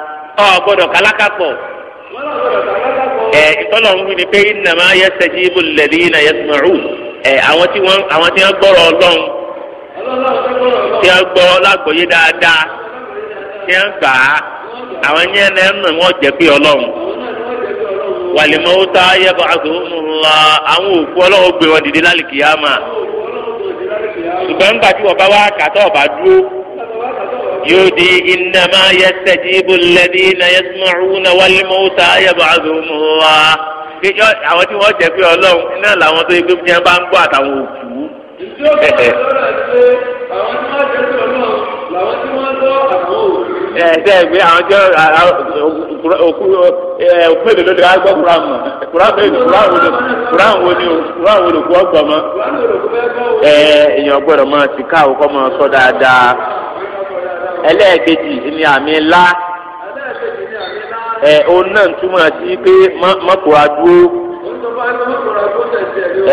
ọ gbọ́dọ̀ kálákàpọ̀ ẹ ìtọ́lọ̀ ń wí ni pé innama yastajibu alladhina yasma'un ẹ àwọn tí wọ́n àwọn tí wọ́n gbọ́rọ̀ ọlọ́run tí wọ́n gbọ́ lágbóyé dáadáa tí wọ́n gbà á àwọn yẹn lẹ́nu wọn jẹ́ pé ọlọ́run wàlímọ́wótá yẹ́bọ̀ àgbòhùnmùlá àwọn òkú ọlọ́run gbé wọn dìde ṣùgbọ́n nígbà tí wọ́n bá wá kàtọ́ dúró. يودي إنما يستجيب الذين يسمعون والموتى يبعثهم الله àwọn tí wọ́n jẹ́ pé Ọlọ́run iná làwọn tó yẹ pé bá ń gbọ́ àtàwọn òkú. ìjọba ọ̀rọ̀ ṣe àwọn tí wọ́n jẹ́ pé Ọlọ́run làwọn tí wọ́n lọ àtàwọn òkú. ẹ ṣe é àwọn tí òkú òkú èdè ló lè wá gbọ́ kúrán mọ̀ kúrán wo ni kúrán wo ni kúrán wo ni kú ọgbọ̀n mọ́. ẹ èèyàn gbọ́dọ̀ máa ti káwọ́ kọ́ máa sọ dáadáa. ẹlẹ́ẹ̀kejì ni àmì ńlá ẹ òun náà ń túmọ̀ sí pé mọ́kòrá dúró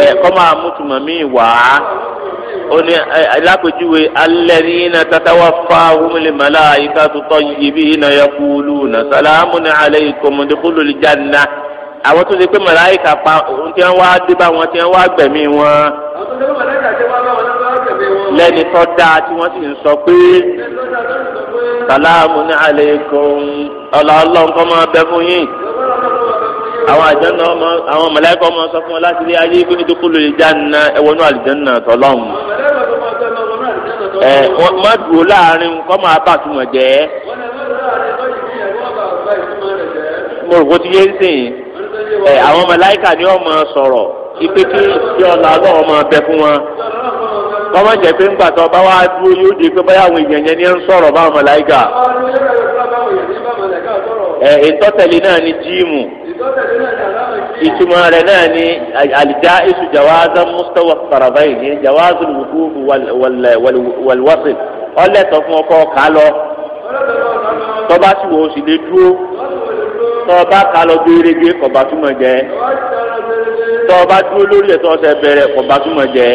ẹ kọ́ máa mú tùmọ̀ mí wá ó ní alápèjúwe alladhina tatawaffahumu malaikatu tayyibina yaquluna salamun alaykum udkhulul janna àwọn tó ṣe pé màláìka pa ohun tí wọ́n wá dé bá wọn tí wọ́n wá gbẹ̀mí wọn. àwọn tó ṣe pé màláìka ṣe wá lọ lẹ́ni tó dáa tí wọ́n sì ń sọ pé sàlámù ní aleikum ọlọ́ọ̀lọ́n kọ́ máa bẹ fún yín àwọn àjọyọ̀ ọmọ àwọn mọ̀lẹ́kọ̀ ọmọ sọ fún wọn láti rí ayé pé nítorí kó lè já nà ẹwọ́nú àlùjànnà tọ́lọ́mù ẹ má dúró láàrin kọ́ máa bàtúmọ̀ jẹ́ mo rò kó ti yé sìn ẹ àwọn mọ̀láìkà ni wọ́n máa sọ̀rọ̀ ipe yọ̀ọ̀lá ọlọ́wọ́ máa bẹ fún wọn kọ́mọ̀ jẹ́ pé ńgbà tó bá wá dúró yóò di pé báyà àwọn èèyàn yẹn ní ń sọ̀rọ̀ báwọn mọ̀láìkà. ẹ ìtọ́tẹ̀lé náà ni jíìmù ìtumọ̀ rẹ̀ náà ni àlìjá èsù jawaaza mustawa farabayi ni jawaaza wukufu waliwasi ọlẹ́tọ̀ fún ọkọ̀ ká lọ tọ́ba tí wò ó sì lè dúró tọ́ba ká lọ gbérégbé kọ̀bátúmọ̀ jẹ́ tọ́ba dúró lórí ẹ̀ tọ́ ọ̀sẹ̀ bẹ̀rẹ̀ kọ̀bátúmọ̀ jẹ́.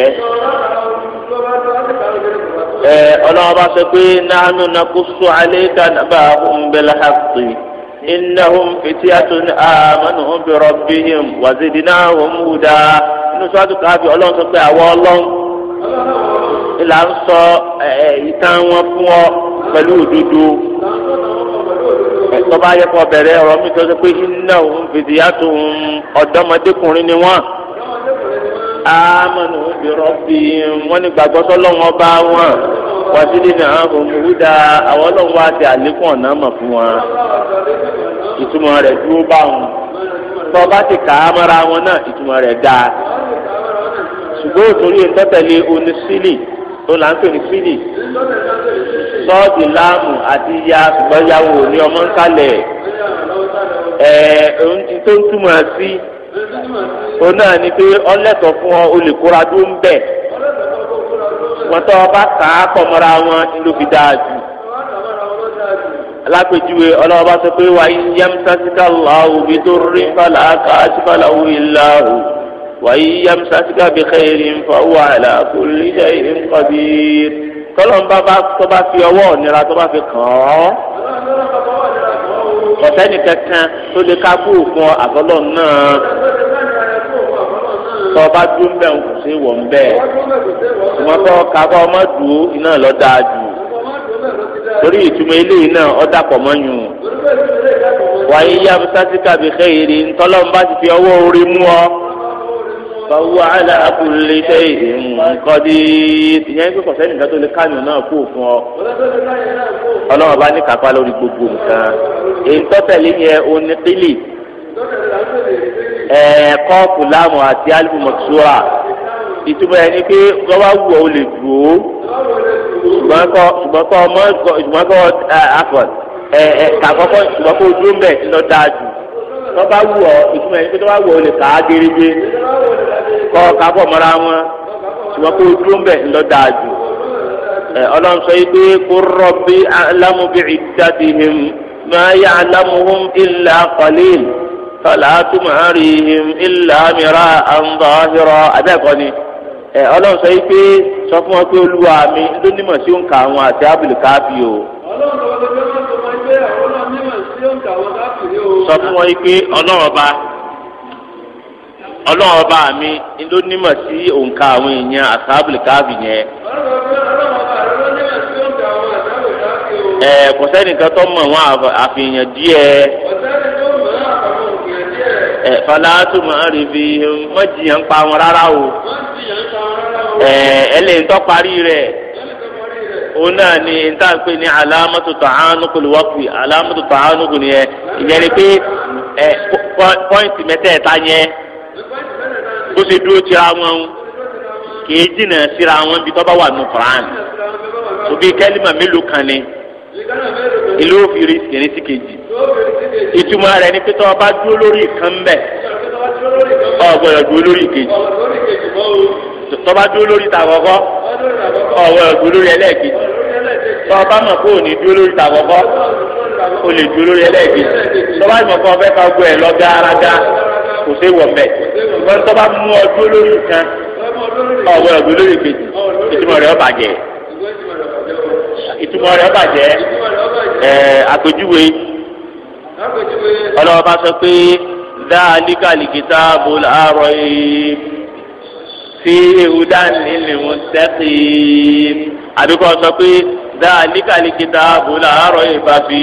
ọlọ́ọ̀bá sọ pé nahnu nakusu alayka nabahum bilhaqqi innahum fityatun amanu bi rabbihim wa na huda inú sọ́dún káfí ọlọ́run sọ pé àwọn ọlọ́run ìlà ń sọ eh, eh, ìtàn wọn fún ọ pẹ̀lú òdodo tọ́ba ayẹ́pọ̀ bẹ̀rẹ̀ ọ̀rọ̀ mi sọ pé innahum fityatun ọ̀dọ́mọdékùnrin ni wọ́n. amanu bi rabbihim wọ́n ní gbàgbọ́ sọ́lọ́wọ́n bá wọn wàsílì náà òmùwú da àwọn ọlọ́wọ́ àti àlékún ọ̀nà mọ̀ fún wọn ìtumọ̀ rẹ̀ dúró bá wọn tọ́ bá ti kà á mọ́ra wọn náà ìtumọ̀ rẹ̀ dáa ṣùgbọ́n òtòrí ìtọ́tẹ̀lé onísílì tó là ń pè ní sílì sọ́ọ̀dì láàmù àti ya ṣùgbọ́n yàwó ní ọmọ ń kalẹ̀ ẹ̀ẹ́ tó ń túmọ̀ sí o náà ni pé ọlẹ́tọ̀ fún ọ o lè kóra dó ń bẹ̀ wọ́n tọ́ ọ bá kà á pọ̀ mọ́ra wọn ló fi dáa jù alápèjúwe ọlọ́wọ́ bá sọ pé wà á yẹm sásíkà lọ́wọ́ bí tó rí nfàlà ká sífàlà wù ilá o yẹm sásíkà bí xeyìrì nfa wà àlà kò lè jẹ bá tọ́ba fi ọwọ́ nira tọ́ba fi kàn án kọ̀sẹ́nì kankan tó lè ká kú òfin àbọ̀lọ̀ náà tọ́ba dún bẹ́ẹ̀ kò sí wọ̀ ń bẹ́ẹ̀ ṣùgbọ́n tó ká bá ọmọ dùn iná lọ dáa jù torí ìtumọ̀ eléyìí náà ọ dàpọ̀ mọ́yùn wàyí yá musa síkàbí xeyìrì ntọ́lọ́mùbá ti fi ọwọ́ orí mú ọ fàwọ́ àlà kulli shay'in qadir ìyẹn pé kọ̀sẹ́ nìkan tó lè kánú náà kó fún ọ. ọlọ́run bá ní kápá lórí gbogbo nǹkan èyí tó tẹ̀lé yẹn onípìlì kọ́ọ̀pù láàmù àti alifu mọ̀túwà ìtumọ̀ ẹni pé lọ́wọ́ wù ọ́ lè dúró ṣùgbọ́n kọ́ ṣùgbọ́n kọ́ ọmọ kàkọ́kọ́ ṣùgbọ́n kó dúró jù tọ́ba wù ọ́ ìtumọ̀ ẹni pé tọ́ba wù ọ́ lè kà á kọ́ kábọ̀ mọ́ra wọn ṣùgbọ́n kó o dúró ń bẹ̀ ńlọ dáa jù ọlọ́run sọ yìí pé kó rọ́bì alámúbi ìdádìhìm máa yà alámúhùn ilà kọ́líl tọ́lá túmọ̀ àríhìm ilà mìíràn àǹbáhìrọ̀ abẹ́ẹ̀kọ́ ni ọlọ́run sọ yìí pé sọ fún wọn pé olúwa mi ló nímọ̀ sí òǹkà àwọn àti abdulkabi o. sọ fún wọn yìí pé ọlọ́run ọba. ọlọ́run ọba mi ló nímọ̀ sí òǹkà àwọn èèyàn àsáàbùlì káàbì yẹn. ẹ kò sẹ́nìkan tó mọ̀ wọn àfihàn díẹ̀. ẹ falaatu fi pa wọn rárá o. ẹ rẹ̀ òun ni nta pé alámọ̀tò tàánùkù alámọ̀tò tàánùkù nìyẹn ìyẹn ni pé pọ́ìntì mẹ́tẹ̀ẹ̀ta yẹn. bó ṣe dúró tira wọn kì í jìnnà síra wọn bí tọ́ba wà nù Kùránì òbí kẹ́límà mélòó kan ni ìlú òfìrí kìíní sí kejì ìtumọ̀ rẹ̀ ni pé tọ́ba bá dúró lórí ìkan bẹ̀ ọ̀ gbọ́dọ̀ dúró lórí ìkejì tọ́ba dúró lórí ta kọ́kọ́ dúró lórí ẹlẹ́ẹ̀kejì tọ́ba mọ̀ kó o ní dúró lórí ta o lè dúró lórí ẹlẹ́ẹ̀kejì tọ́ba mọ̀ kó o fẹ́ ka gbọ́ ẹ̀ lọ gáárá gáá kò sí wọ̀ mẹ́ wọ́n tó bá mú ọdún lórí kan ọ̀wọ́ ọdún lórí kejì ìtumọ̀ rẹ̀ ó bàjẹ́ ìtumọ̀ rẹ̀ ó bàjẹ́ àpèjúwe ọlọ́wọ́ bá sọ pé dáálíkà lìkìtà bọ́lá àárọ̀ yìí fi hudan lil muttaqin àbíkọ́ sọ pé dáálíkà lìkìtà bọ́lá àárọ̀ yìí bá fi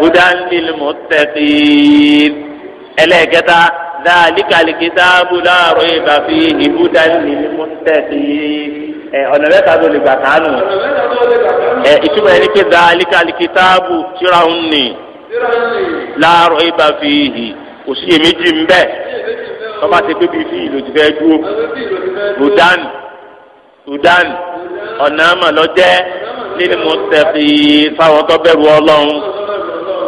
hudan lil muttaqin ẹlẹ́ẹ̀kẹta dáàlíkàlì kìtàbù láàrọ̀ ìbàfi ìbúdà nínú mọ́tẹ́ẹ̀tì ọ̀nà mẹ́ta ló lè gbà kánú. ìtumọ̀ ẹni pé dáàlíkàlì kìtàbù tíra ń nì láàrọ̀ ìbàfi ìhì kò sí èméjì ń bẹ tọ́ba ti pé bíi fi ìlòjì fẹ́ dúró Sudan Sudan ọ̀nà àmàlọ́jẹ́ nínú mọ́tẹ́ẹ̀tì fáwọn tó bẹ̀rù ọlọ́run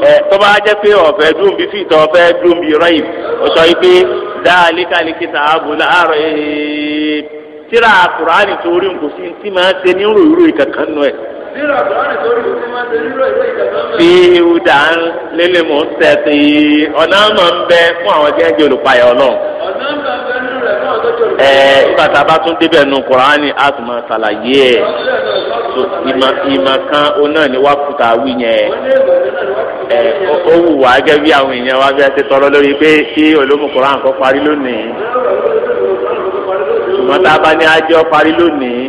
ẹ tó bá jẹ́ pé ọ̀fẹ́ dùn bí fìtọ́ ọ̀fẹ́ dùn bí rọ́yìn ó sọ yìí pé dáálíkàlì kìtà àbúlá àrọ̀ ee tíra àkùránì torí nkò sí ti máa ṣe ní ròyìnrò ìkankan nù ẹ̀. tíra àkùránì torí nkò sí máa ṣe ní ròyìnrò ìkankan nù ẹ̀. fi ìhùdà lélẹ̀ mọ̀ ń tẹ̀sí ọ̀nà àmọ̀ ń bẹ fún àwọn tí olùpayọ̀ náà. ọ̀nà ẹ bàtà bá tún débẹ̀ nu kùránì a tún máa ṣàlàyé ẹ̀ so ìmọ̀ ìmọ̀ kan oná ni wàá kúta wí yẹn ẹ ó wù wá gẹ́gẹ́ bí àwọn èèyàn wá bí a ti tọrọ lórí pé kí olómù kùránì kọ́ parí lónìí ṣùgbọ́n tá a bá ní ajọ́ parí lónìí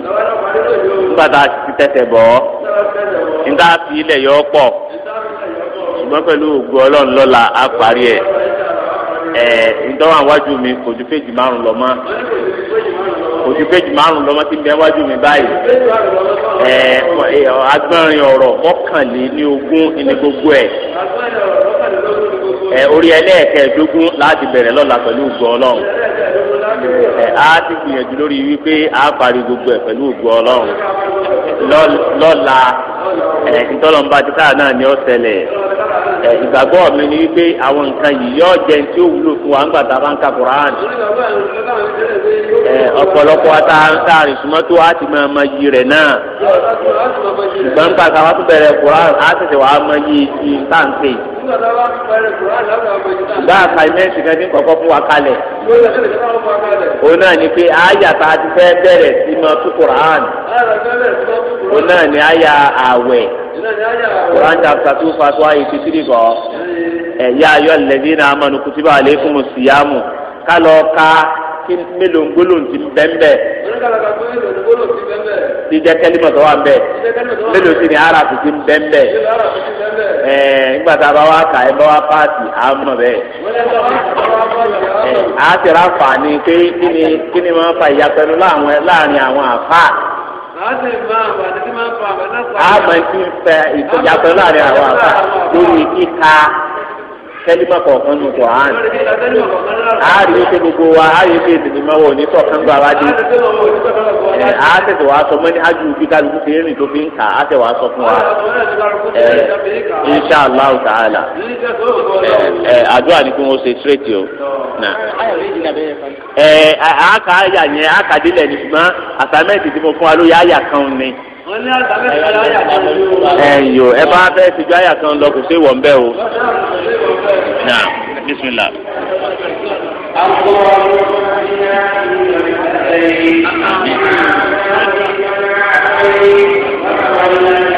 nígbà a ti tẹ̀tẹ̀ bọ́ nígbà tí ilẹ̀ yọ pọ̀ ṣùgbọ́n pẹ̀lú ògùn ọlọ́run lọ́la á parí ẹ̀. ẹ ǹdọ́wọ́ àwájú mi kò ju péjì márùn lọ kò ju péjì lọ wájú mi báyìí ẹ agbọ́nrin ọ̀rọ̀ ní ogún ní gbogbo ẹ̀ ẹ orí ẹlẹ́ẹ̀kẹ́ẹ̀dógún láti bẹ̀rẹ̀ lọ́la pẹ̀lú ògo ọlọ́run ẹ á ti a parí gbogbo ẹ̀ pẹ̀lú ògo ọlọ́run lọ́la ti káà náà ìgbàgbọ́ mi ni wípé àwọn nǹkan yìí yọ jẹ́ tí ó wúlò fún wa ńgbà tá a bá ń ka Quran. ọ̀pọ̀lọpọ̀ àtàrin súnmọ́ tó a ti máa ma yí rẹ̀ náà. ìgbà ń ìgbà àkàìmẹ́ǹtì kan ní kọ̀ọ̀kan fún wa kalẹ̀ òun náà ni pé àyà tá a ti fẹ́ bẹ̀rẹ̀ sí mọ tú Quran òun náà ni àyà àwẹ̀ Quran chapter two verse one eighty three kọ́ ẹ̀yà ayọ̀ lẹ́bí náà amanu kutiba alaykumus siyamu kálọ̀ ká. kí mélòó ń gbólóhùn ti bẹ́ńbẹ́. oníkàlàkà pé mélòó ti ni ara ti bẹ́ńbẹ́. ẹ̀ẹ́n nígbà bá bá ti ra fàánì pé kí ni kí ni máa fa ìyàpẹ̀nu láàrin àwọn àfa. àmọ̀ ti ń fẹ́ ìyàpẹ̀nu láàrin àwọn kẹ́límà kọ̀ọ̀kan nù kọ̀ án. àárí wípé gbogbo wa àárí wípé ìdìbò máa wọ̀ ní wá dé. a tẹ̀sẹ̀ sọ mọ́ni ájú bí kálukú ṣe rìn tó fi ń kà á tẹ̀ sọ fún wa. insha allah ta'ala. àdúrà ni kí ṣe straight o. àkà àyà yẹn àkàdílẹ̀ ni ṣùgbọ́n tí mo fún wa àyà ni ẹ bá fẹ́ àyà kan lọ kò o نعم بسم الله اللهم